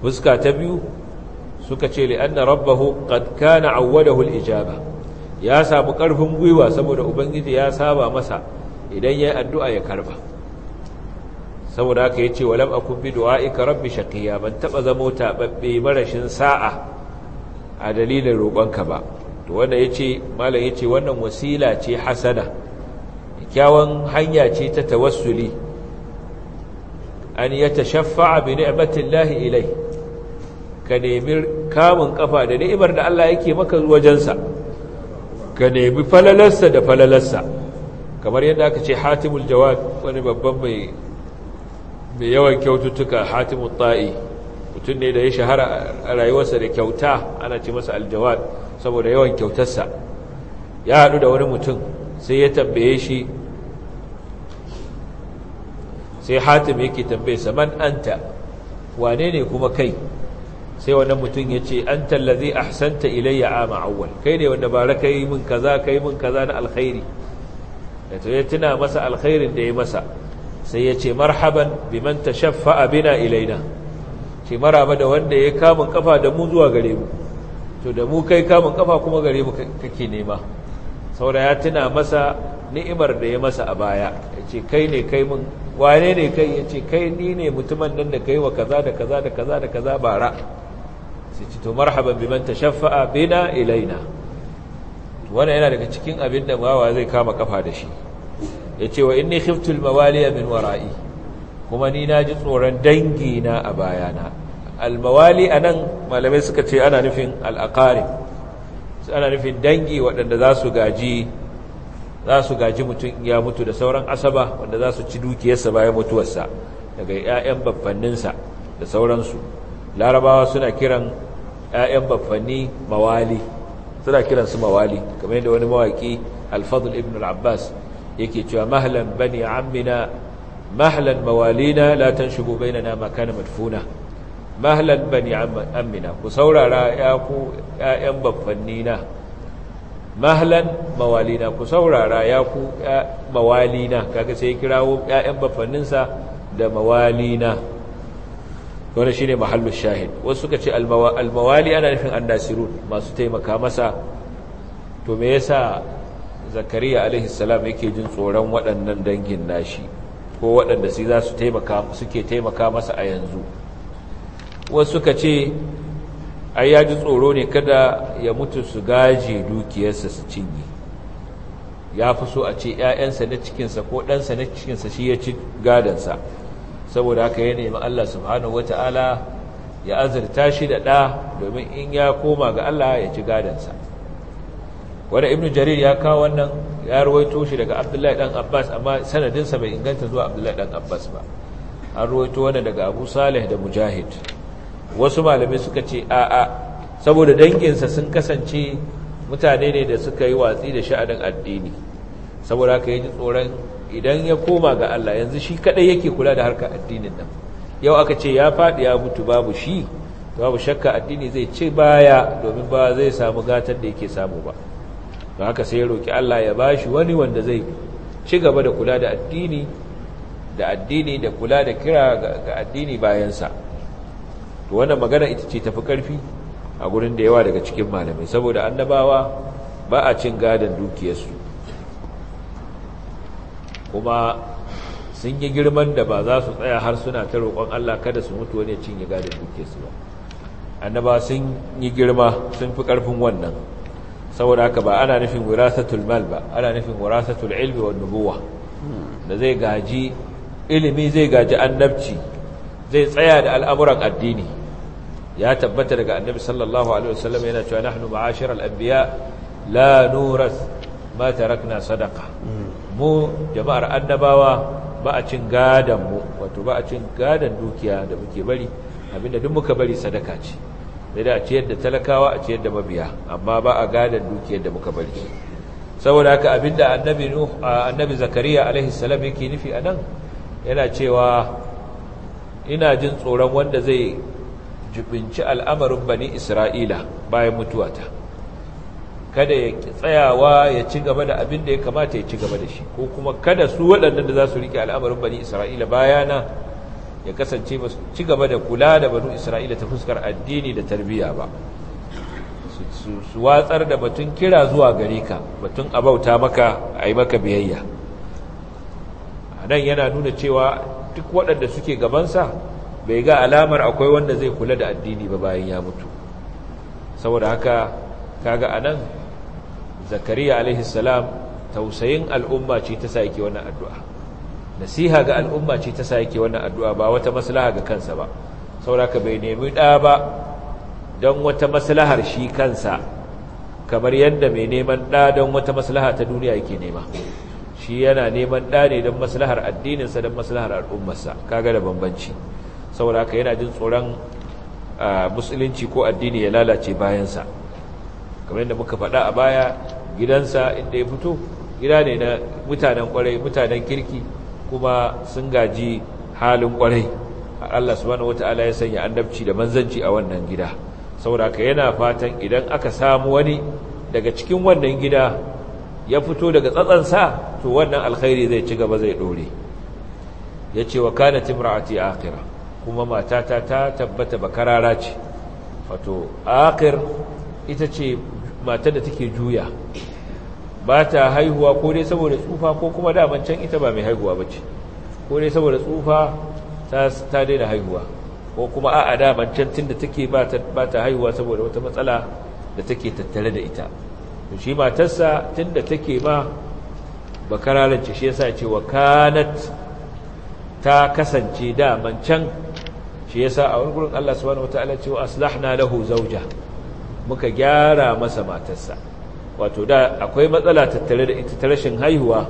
fuska ta biyu suka ce li anna rabbahu qad kana awwadahu al-ijaba ya samu ƙarfin gwiwa saboda ubangiji ya saba masa idan ya yi addu'a ya karba saboda haka ya ce lam a kumbi ika rabbi shaƙiya ban taɓa zamo taɓaɓɓe marashin sa'a a dalilin roƙonka ba to wanda ya ce malam ya ce wannan wasila ce hasana kyawun hanya ce ta tawassuli an ya ta shafa'a bi ni'matin lahi ilai ka nemi kamun kafa da ni'imar da Allah yake maka wajensa ka nemi falalarsa da falalarsa kamar yadda aka ce hatimul jawad wani babban mai mai yawan kyaututtuka hatimul ta'i mutum ne da ya shahara a rayuwarsa da kyauta ana ce masa aljawad saboda yawan kyautarsa ya haɗu da wani mutum sai ya tambaye shi sai hatim yake tambaye saman anta wane ne kuma kai sai wannan mutum ya ce an tallazi ahsanta ilayya a awwal kai ne wanda bara yi min kaza yi min kaza na alkhairi to ya tuna masa alkhairin da ya masa sai ya ce marhaban ta shaffa bina ilaina ce maraba da wanda ya kamun kafa da mu zuwa gare mu to da mu kai kamun kafa kuma gare mu kake nema saboda ya tuna masa ni'imar da ya masa a baya ya ce kai ne kai min wane ne kai ya ce kai ni ne mutumin nan da kai wa kaza da kaza da kaza da kaza bara sai to marhaban biman tashaffa'a bina ilaina wannan yana daga cikin abin da bawa zai kama kafa da shi yace wa inni khiftu al-mawaliya min wara'i kuma ni na ji tsoron dangi na a bayana al-mawali anan malamai suka ce ana nufin al-aqarib ana nufin dangi waɗanda za su gaji za su gaji mutum ya mutu da sauran asaba wanda za su ci dukiyarsa bayan mutuwarsa daga 'ya'yan babbanninsa da sauransu larabawa suna kiran 'ya'yan baffanni mawali suna kiransu mawali kamar yadda wani mawaƙi alfadul ibn al-abbas yake cewa mahlan bani Amina, mahlan mawalina la tanshubu bainana makana madfuna mahlan bani Amina ku saurara ya ku ƴaƴan baffannina mahlan mawalina ku saurara ya ku mawalina kaga sai kirawo ya'yan baffanninsa da mawalina wanda ne mahallus shahid wasu suka ce almawali ana nufin an annasirun masu taimaka masa to me yasa zakariya alaihi salam yake jin tsoron waɗannan dangin nashi ko waɗanda su za su taimaka suke taimaka masa a yanzu wasu suka ce ai ya ji tsoro ne kada ya mutu su gaje dukiyarsa su cinye ya fi so a ce ‘ya'yansa na cikinsa ko ɗansa na cikinsa shi ya ci gadansa saboda haka ya nemi Allah subhanahu wata'ala ya azurta shi da ɗa domin in ya koma ga Allah ya ci gadansa Wani Ibn jarir ya kawo wannan ya ruwaito shi daga abdullahi dan abbas amma sanadinsa bai inganta zuwa abdullahi dan abbas ba an ruwaito wani daga abu salih da mujahid wasu malamai suka ce a'a saboda danginsa sun kasance mutane ne da suka yi watsi da sha'anin addini saboda haka yi tsoron idan ya koma ga Allah yanzu shi kadai yake kula da harkar addinin nan yau aka ce ya faɗi ya mutu babu shi babu shakka addini zai ce baya domin ba zai samu gatar da yake samu ba don haka sai ya roki Allah ya bashi wani wanda zai ci gaba da kula da addini da addini da kula da kira ga addini bayansa to wannan magana ita ce tafi karfi a gurin da yawa daga cikin malamai saboda annabawa ba a cin gadon dukiyarsu kuma sun yi girman da ba za su tsaya har suna ta roƙon Allah kada su mutu wani cinye gadin duke su ba annaba sun yi girma sun fi ƙarfin wannan saboda haka ba ana nufin wirasatul mal ba ana nufin wirasatul ilmi wa nubuwa da zai gaji ilimi zai gaji annabci zai tsaya da al'amuran addini ya tabbata daga annabi sallallahu alaihi wasallam yana cewa nahnu ma'ashir al-anbiya la nuras ma tarakna sadaqa hmm. mu jama'ar annabawa ba a cin gadan mu wato ba a cin gadan dukiya da muke bari abinda duk muka bari sadaka ce sai da a ciyar da talakawa a ciyar da mabiya amma ba a gadan dukiyar da muka bari saboda haka abinda annabi nuh annabi zakariya alaihi salam yake nufi anan yana cewa ina jin tsoron wanda zai jibinci al'amarin bani isra'ila bayan mutuwata kada ya tsayawa ya ci gaba da abin da ya kamata ya ci gaba da shi ko kuma kada su waɗannan da za su riƙe al'amarin bani isra'ila bayana ya kasance ba su ci gaba da kula da bani isra'ila ta fuskar addini da tarbiyya ba su watsar da batun kira zuwa gare ka batun abauta maka a yi maka biyayya nan yana nuna cewa duk waɗanda suke gabansa bai ga alamar akwai wanda zai kula da addini ba bayan ya mutu saboda haka kaga anan zakariya alaihi salam tausayin al'umma ce ta sa yake wannan addu'a nasiha ga al'umma ce ta sa yake wannan addu'a ba wata maslaha ga kansa ba sauraka bai nemi da ba don wata maslahar shi kansa kamar yadda mai neman da don wata maslaha ta duniya yake nema shi yana neman da ne don maslahar addininsa don maslahar al'ummarsa kaga da bambanci sauraka yana jin tsoron ah, musulunci ko addini ya lalace bayansa kamar yadda muka faɗa a baya gidansa inda ya fito gida ne na mutanen kwarai mutanen kirki kuma sun gaji halin kwarai Allah subhanahu wataala ya sanya annabci da manzanci a wannan gida saboda ka yana fatan idan aka samu wani daga cikin wannan gida ya fito daga tsatsansa to wannan alkhairi zai ci gaba zai dore ya ce wa kana timra'ati akhira kuma matata ta tabbata bakarara ce wato akir ita ce matar da take juya ba ta haihuwa ko dai saboda tsufa ko kuma daman can ita ba mai haihuwa ba ce ko dai saboda tsufa ta daina haihuwa ko kuma a'a daman can tun da take ba ta haihuwa saboda wata matsala da take tattare da ita shi matarsa tun da take ma bakararance shi yasa cewa kanat ta kasance daman can shi yasa a wani gurin Allah subhanahu wataala cewa aslahna lahu zawja muka gyara masa matarsa wato da akwai matsala tattare da ita ta rashin haihuwa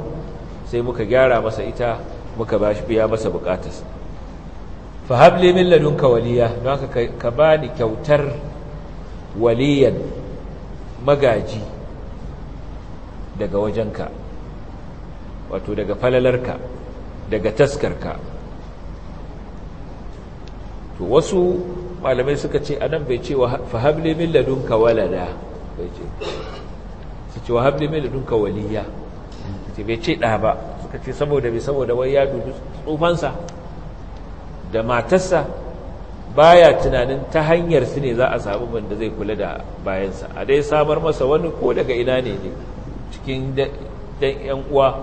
sai muka gyara masa ita muka bashi biya masa bukatarsa fa habli min ladunka waliya don haka ka bani kyautar waliyan magaji daga wajenka wato daga falalarka daga taskarka to wasu malamai suka ce anan bai ce fahabli min ladunka walada bai ce su ce wahabli min ladunka waliya ce bai ce da ba suka ce saboda bai saboda wai ya dubi tsufansa da matarsa baya tunanin ta hanyar su ne za a samu wanda zai kula da bayansa a dai samar masa wani ko daga ina ne ne cikin dan yan uwa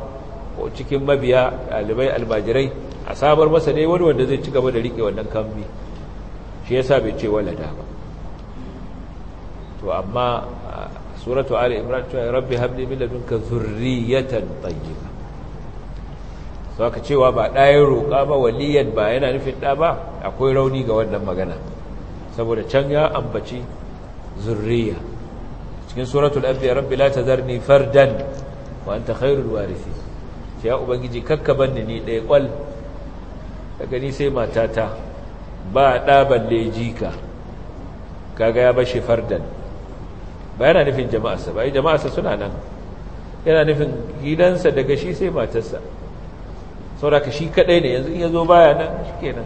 ko cikin mabiya ɗalibai almajirai a samar masa ne wani wanda zai ci gaba da riƙe wannan kambi shi yasa bai ce walada ba to amma suratu ali imran cewa rabbi habli min ladunka zurriyatan tayyiba so cewa ba ɗayan roƙa ba waliyan ba yana nufin ɗa ba akwai rauni ga wannan magana saboda can ya ambaci zurriya cikin suratul anbiya rabbi la tadharni fardan wa anta khairul warisi ya ubangiji kakkaban ni ɗaya kwal daga ni sai matata ba ɗa balle jika kaga ya bashi fardan ba yana nufin jama'arsa ba yi jama'arsa suna nan yana nufin gidansa daga shi sai matarsa sauraka shi kadai ne yanzu in ya zo baya nan shi kenan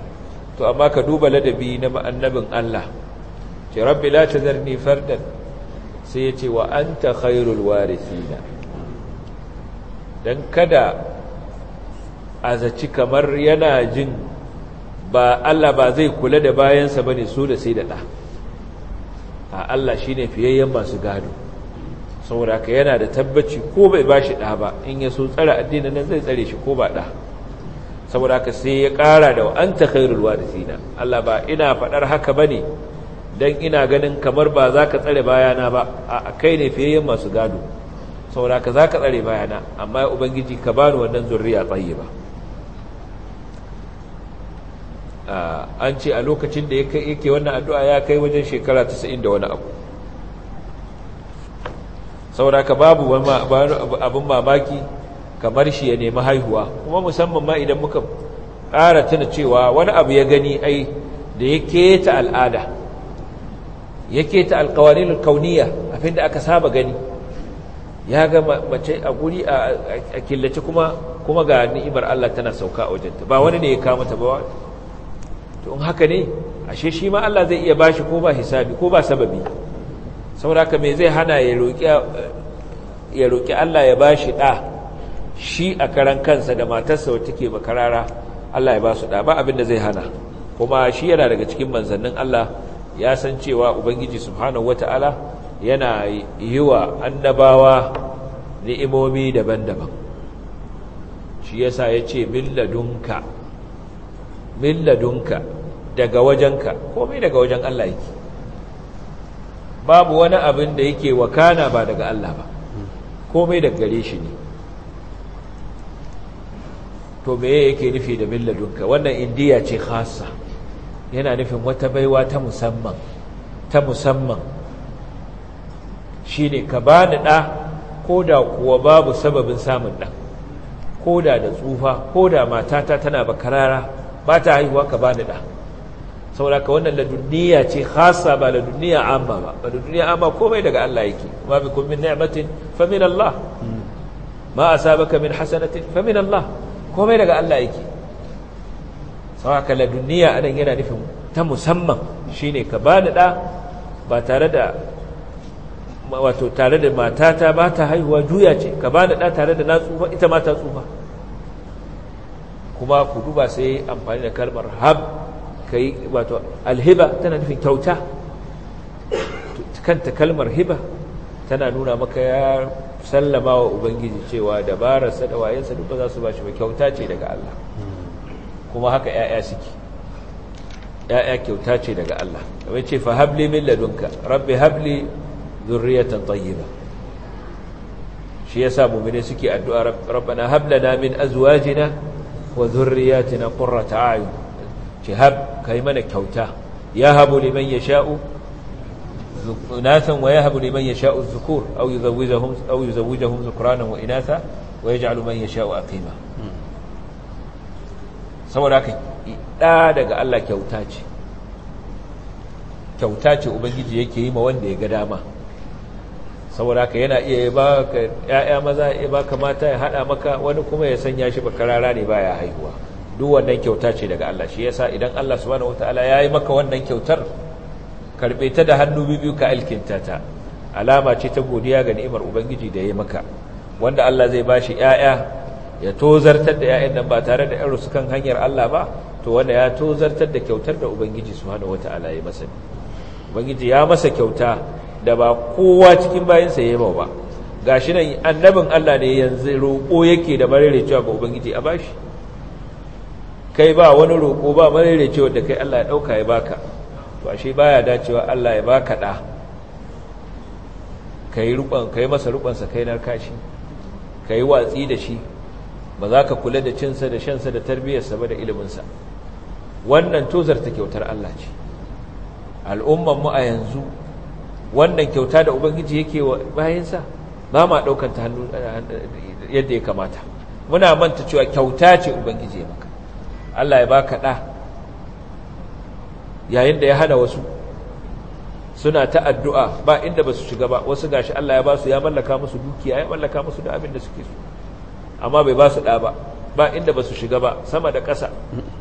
to amma ka duba ladabi na annabin Allah ce rabbi la tazarni fardan sai ya ce wa anta khairul warithina dan kada azaci kamar yana jin ba Allah ba zai kula da bayansa ba ne su da sai da ɗa a Allah shi shine fiyayyen masu gado saboda ka yana da tabbaci ko bai bashi ɗa ba in ya so tsara addinin nan zai tsare shi ko ba ɗa saboda ka sai ya ƙara da kairarwa da warithina Allah ba ina faɗar haka ba ne don ina ganin kamar ba za ka tsare bayana ba a kai ne fiyayyen masu gado saboda ka za ka tsare bayana amma ya ubangiji ka bani wannan zurriya tsaye ba Ah, an ce a lokacin da yake wannan addu'a ya kai wajen shekara sa’in da wani abu sauraka babu abin mamaki kamar shi ya nemi haihuwa kuma musamman ma idan muka ƙara tana cewa wani abu ya gani ai da ya keta al'ada ya keta alkawarin kauniya fin da aka saba gani ya ga mace a guri a killace kuma ga ni'imar Allah tana sauka a wajenta ba wani ne ya kama ta ba to in haka ne ashe shi ma Allah zai iya bashi ko ba hisabi ko ba sababi saboda me zai hana ya roki ya roki Allah ya bashi da shi a karan kansa da matarsa wacce take bakarara Allah ya ba su da ba abin da zai hana kuma shi yana daga cikin manzannin Allah ya san cewa ubangiji subhanahu wataala yana wa annabawa ni'imomi daban-daban shi yasa yace billadunka Milladunka daga wajenka komai daga wajen Allah yake babu wani abin da yake wakana ba daga Allah ba komai daga gare shi ne to me yake nufi da milladunka wannan indiya ce khassa yana nufin wata baiwa ta musamman ta musamman shine ka bani ɗa ko da kuwa babu sababin samun ɗan ko da tsufa ko da matata tana bakarara ba ta haihuwa ka bani da saboda ka wannan laduniya ce khasa ba laduniya amma ba ba laduniya amma komai daga Allah yake ma bi kun min ni'matin fa min Allah ma asabaka min hasanatin fa min Allah komai daga Allah yake saboda ka laduniya anan yana nufin ta musamman shi ne ka ba ni da ba tare da wato tare da matata ba ta haihuwa juya ce ka ba ni da tare da na tsufa ita ma ta tsufa kuma ku duba sai amfani da kalmar hab kai wato alhiba tana nufin kyauta kanta kalmar hiba tana nuna maka ya sallama wa ubangiji cewa dabararsa da wayensa duk ba za su ba shi ba kyauta ce daga Allah kuma haka ‘ya'ya suke ‘ya'ya kyauta ce daga Allah kamar ce fa habli min ladunka rabbi habli zurriyatan tayyiba shi yasa mu'mini suke addu'a rabbana hablana min azwajina wa zurriyatina qurrata a'yun shihab kai mana kyauta yahabu liman yasha'u إناثا ويهب لمن يشاء الذكور أو يزوجهم, أو يزوجهم ذكرانا وإناثا ويجعل من يشاء أقيما saboda haka ɗa daga Allah kyauta ce kyauta ce ubangiji yake yi ma wanda ya ga dama saboda ka yana iya ba ka ƴaƴa maza ya ba ka mata ya hada maka wani kuma ya sanya shi ba karara ne ba ya haihuwa duk wannan kyauta ce daga Allah shi yasa idan Allah subhanahu wataala yi maka wannan kyautar karbe ta da hannu biyu ka alkinta ta alama ce ta godiya ga ni'imar ubangiji da yayi maka wanda Allah zai ba shi ƴaƴa ya tozartar da ƴaƴan nan ba tare da irin su kan hanyar Allah ba to wanda ya tozartar da kyautar da ubangiji subhanahu wataala ya masa ubangiji ya masa kyauta da ba kowa cikin bayansa ya yi ba ga shi nan annabin Allah ne yanzu roƙo yake da cewa ga ubangiji a bashi kai ba wani roƙo ba cewa da kai Allah ya ɗauka ya baka to ashe baya dacewa Allah ya baka ɗa ka yi kai masa rubansa kai narka shi ka yi watsi da shi ba za ka kula da cinsa da shansa da tarbiyyarsa ba da iliminsa wannan tozarta kyautar Allah ce mu a yanzu wannan kyauta da ubangiji yake wa bayansa ba ma daukar ta hannu yadda ya kamata muna manta cewa kyauta ce ubangiji ya maka Allah ya baka ɗa yayin da ya hana wasu suna ta addu'a ba inda ba su shiga ba wasu gashi Allah ya ba su ya mallaka musu dukiya ya mallaka musu da abin da suke su amma bai ba su ɗa ba ba inda ba su shiga ba sama da ƙasa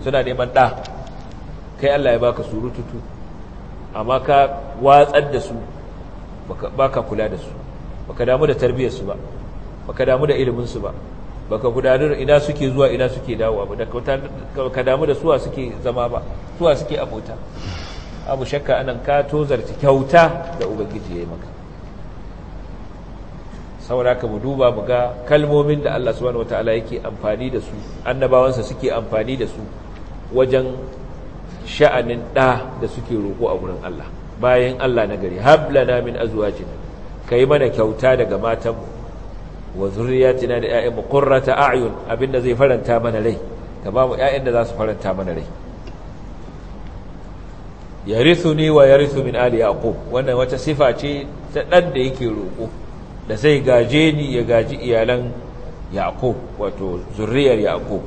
suna neman ɗa kai Allah ya baka surututu amma ka watsar da su baka kula da su baka damu da tarbiyyar su ba baka damu da ilimin su ba baka gudanar ina suke zuwa ina suke dawowa ba baka damu da suwa suke zama ba suwa suke abota abu shakka anan ka tozarci kyauta da ubangiji ya yi maka saboda ka mu duba mu ga kalmomin da Allah subhanahu wataala yake amfani da su annabawansa suke amfani da su wajen sha'anin ɗa da suke roƙo a gurin Allah bayan Allah na gari hablana min azwajina kai mana kyauta daga matanmu wa zurriyatina da ƴaƴanmu qurrata a'yun abinda zai faranta mana rai ka ba mu ƴaƴan da za su faranta mana rai yarithuni wa yarithu min ali yaqub wannan wata sifa ce ta dan da yake roƙo da zai gaje ni ya gaji iyalan yaqub wato zurriyar yaqub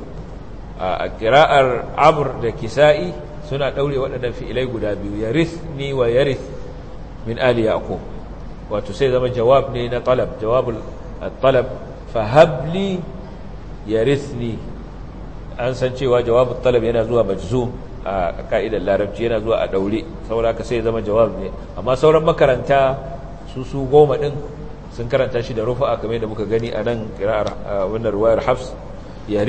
a qira'ar amr da kisa'i suna ɗaure waɗannan fi'ilai guda biyu yarithni wa yarith min ali yaqub wato sai zama jawab ne na talab jawabul talab fahabli ni. an san cewa jawabin talab yana zuwa majzum a ka'idar larabci yana zuwa a ɗaure saura ka sai zama jawab ne amma sauran makaranta su su goma ɗin sun karanta shi da rufa kamar da muka gani a nan kira'ar wannan ruwayar hafs ya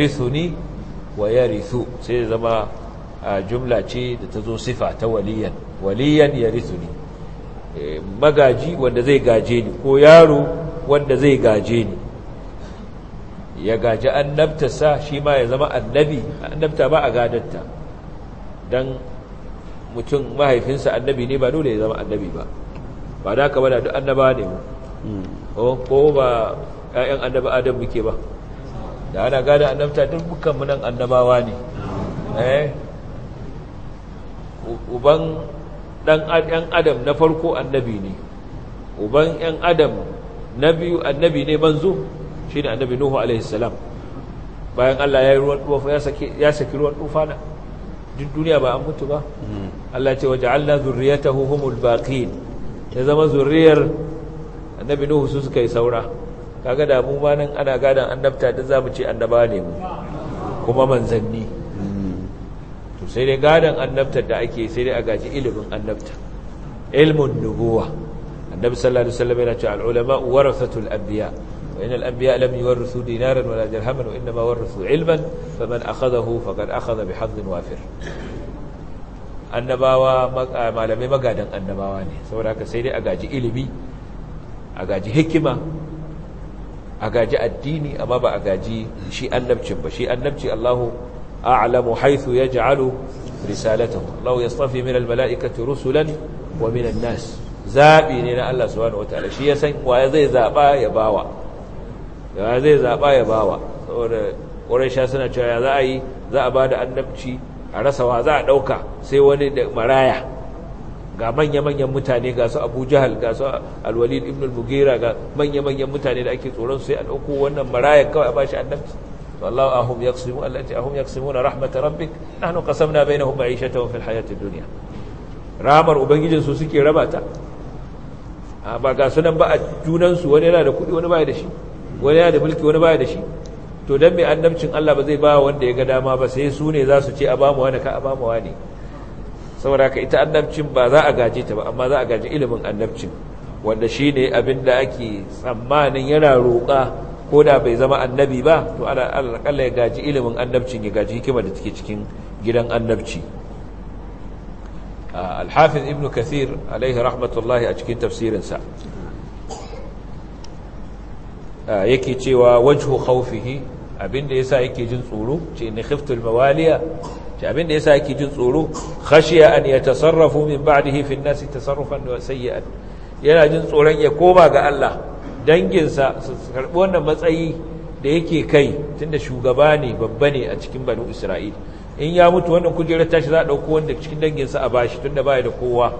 wa yarithu sai zama jumla ce da ta zo sifa ta waliyan waliyan ya rizu ne magaji wanda zai gaje ni ko yaro wanda zai gaje ni ya gaji annabtasa shi ma ya zama annabi annabta ba a gadatta don mutum mahaifinsa annabi ne ba dole ya zama annabi ba ba da ka bada duk annaba ne mu ko ba 'ya'yan annaba adam muke ba da ana gada annabta duk bukan munan annabawa ne eh uban ɗan adam na farko annabi ne uban ‘yan adam na biyu annabi ne manzo shi ne annabi nuhu salam bayan Allah ya yi ruwan tufa ya saki ruwan tufa na duk duniya ba an mutu ba hmm. Allah ce waje Allah humul baqin ya zama zurriyar annabi nuhu su suka yi saura kaga da mu ma nan ana gadan annabta da za mu ce annaba ne mu kuma manzanni to sai dai gadon annabtar da ake sai dai a gaji ilimin annabta ilmun nubuwa annabi sallallahu alaihi wasallam yana cewa al-ulama warathatul anbiya وإن الأنبياء لم يورثوا دينارا ولا درهما وإنما ورثوا علما فمن أخذه فقد أخذ بحظ wafir. annabawa malamai magadan annabawa ne saboda haka sai dai a gaji ilimi a gaji hikima a gaji addini amma ba a gaji shi annabcin ba shi annabci Allahu أعلم حيث يجعل رسالته الله يصطفي من الملائكة رسلا ومن الناس zaɓi ne na Allah subhanahu wataala shi ya san waye zai zaɓa ya bawa ya zai zaɓa ya bawa saboda ƙuraisha suna cewa ya za a yi za a ba da annabci a rasa wa za a ɗauka sai wani da maraya ga manya-manyan mutane ga su abu jahal ga su alwalid ibn al-mugira ga manya-manyan mutane da ake tsoron sai a ɗauko wannan marayan kawai a ba shi annabci والله أهم يقسمون التي أهم يقسمون رحمة ربك نحن قسمنا بينهم معيشتهم في الحياة الدنيا رامر وبنجي سوسكي رباتا ba ga sunan ba a junansu wani yana da kuɗi wani baya da shi wani yana da mulki wani baya da shi to don mai annabcin Allah ba zai ba wanda ya ga dama ba sai su ne za su ce a ba mu wani ka a ba mu wani saboda ka ita annabcin ba za a gaje ta ba amma za a gaje ilimin annabcin wanda shi ne abin da ake tsammanin yana roƙa ko da bai zama annabi ba to alaƙalla ya gaji ilimin annabcin ya gaji hikima da take cikin gidan annabci ah, alhafiz ibn kathir alaihi rahmatullahi a cikin tafsirinsa ah, yake cewa wajhu khawfihi abinda yasa yake jin tsoro ce ni khiftul mawaliya ce abinda yasa yake jin tsoro khashiya an yatasarrafu min ba'dihi fi an-nas tasarrufan sayyi'an yana jin tsoron ya koma ga Allah danginsa su karɓi wannan matsayi da yake kai tunda shugaba ne babba ne a cikin banu isra'il in ya mutu wannan kujerar tashi za a ɗauko wanda cikin danginsa a bashi tunda baya da kowa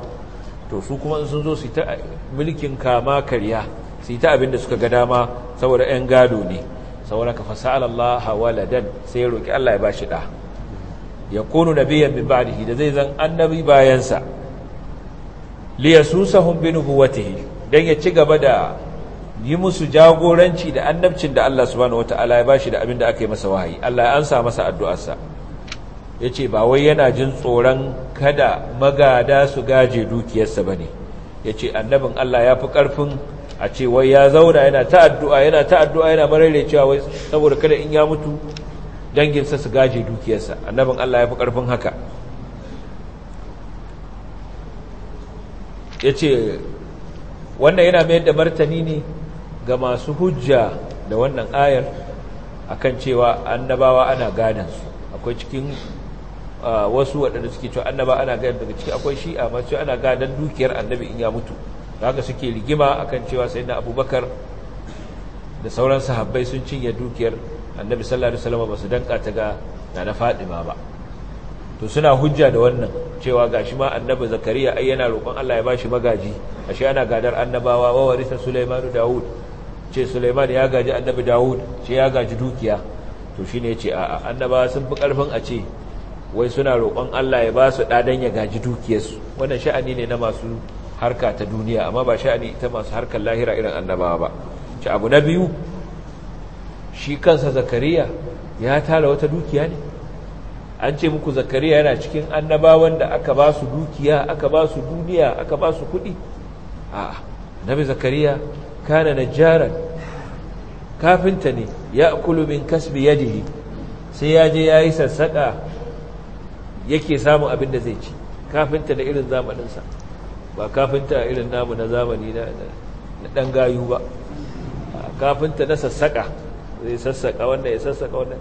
to su kuma sun zo su ta mulkin kama karya su yi ta abin da suka ga dama saboda 'yan gado ne saboda ka fasa'al Allah waladan sai ya roƙi Allah ya ba shi ɗa ya kunu nabiyan min ba'dihi da zai zan annabi bayansa li bin bi nubuwatihi dan ya ci gaba da yi musu jagoranci da annabcin da Allah subhanahu wata'ala ya bashi da abin da aka yi masa wahayi Allah ya ansa masa addu'arsa yace ba wai yana jin tsoron kada magada su gaje dukiyarsa bane yace annabin Allah ya fi karfin a ce wai ya zauna yana ta addu'a yana ta addu'a yana mararecewa wai saboda kada in ya mutu danginsa su gaje dukiyarsa annabin Allah ya fi karfin haka yace wannan yana mayar da martani ne ga masu hujja da wannan ayar akan cewa annabawa ana gadan su akwai cikin wasu waɗanda suke cewa annaba ana gadan daga ciki akwai a masu ana gadan dukiyar annabi in ya mutu da haka suke rigima akan cewa sai na abubakar da sauran sahabbai sun cinye dukiyar annabi sallallahu salama ba su danka ta ga na Fatima ba to suna hujja da wannan cewa ga shi ma annabi zakariya ai yana roƙon Allah ya bashi magaji a shi ana gadar annabawa wawarisa sulaimanu daud ce Suleiman ya gaji annabi Dawud ce ya gaji dukiya to shi ne yace a'a annaba sun fi karfin a ce wai suna roƙon Allah ya ba su ɗadan ya gaji dukiyarsu wannan sha'ani ne na masu harka ta duniya amma ba sha'ani ita masu harkar lahira irin annabawa ba ci abu na biyu shi kansa zakariya ya tara wata dukiya ne an ce muku zakariya yana cikin annabawan da aka ba su dukiya aka ba su duniya aka ba su kuɗi a nabi zakariya kana najjaran kafinta ne ya akulu min kasbi yadihi sai yaje je yayi sassaka yake samun abin da zai ci kafinta da irin zamaninsa ba kafinta irin namu na zamani na dan gayu ba kafinta na sassaka ya sassaka wannan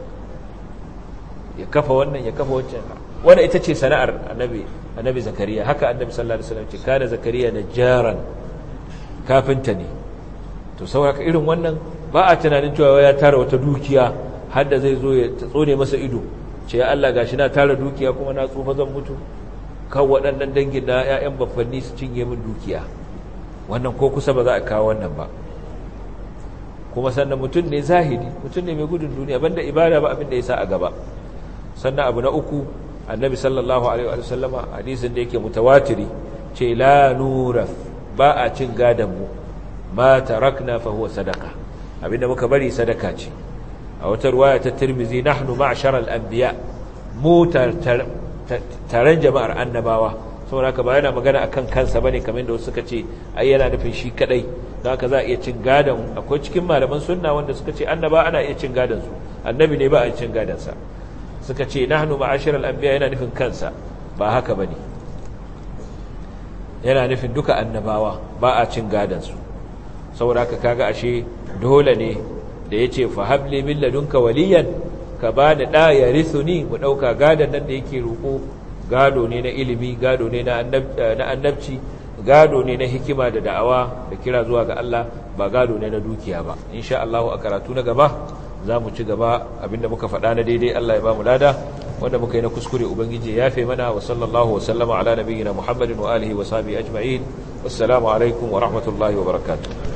ya kafa wannan ya kafa wancan wannan ita ce sana'ar annabi annabi zakariya haka annabi sallallahu alaihi wasallam ce zakariya kafinta ne to sauraka irin wannan ba a tunanin cewa ya tara wata dukiya har zai zo ya tsone masa ido ce ya Allah gashi na tara dukiya kuma na tsufa zan mutu kan waɗannan dangin na 'ya'yan baffanni su cinye min dukiya wannan ko kusa ba za a kawo wannan ba kuma sannan mutum ne zahidi mutum ne mai gudun duniya banda ibada ba abin da ya sa a gaba sannan abu na uku annabi sallallahu alaihi wa sallama hadisin da yake mutawatiri ce la nura ba a cin gadan mu ma tarakna fa huwa sadaka abinda muka bari sadaka ce a wata ruwaya ta tirmizi nahnu ma'shar al-anbiya mu taron jama'ar annabawa saboda haka ba yana magana akan kansa bane kamar da wasu suka ce ai yana nufin shi kadai don haka za a iya cin gadon akwai cikin malaman sunna wanda suka ce annaba ana iya cin gadon su annabi ne ba a cin gadon sa suka ce nahnu ma'ashir al-anbiya yana nufin kansa ba haka bane yana nufin duka annabawa ba a cin gadon su saboda ka kaga ashe dole ne da yace fa habli min ka waliyan ka ba da ya risuni mu ɗauka gadon nan da yake roko gado ne na ilimi gado ne eh, na annabci gado ne na hikima da da'awa da kira zuwa ga Allah ba gado ne na dukiya ba insha Allah a karatu na gaba za mu ci gaba abinda muka faɗa na daidai Allah ya ba mu lada wanda muka yi na kuskure ubangiji ya fe mana wa sallallahu wa sallama ala nabiyyina muhammadin wa alihi wa sahbihi ajma'in alaikum wa rahmatullahi wa barakatuh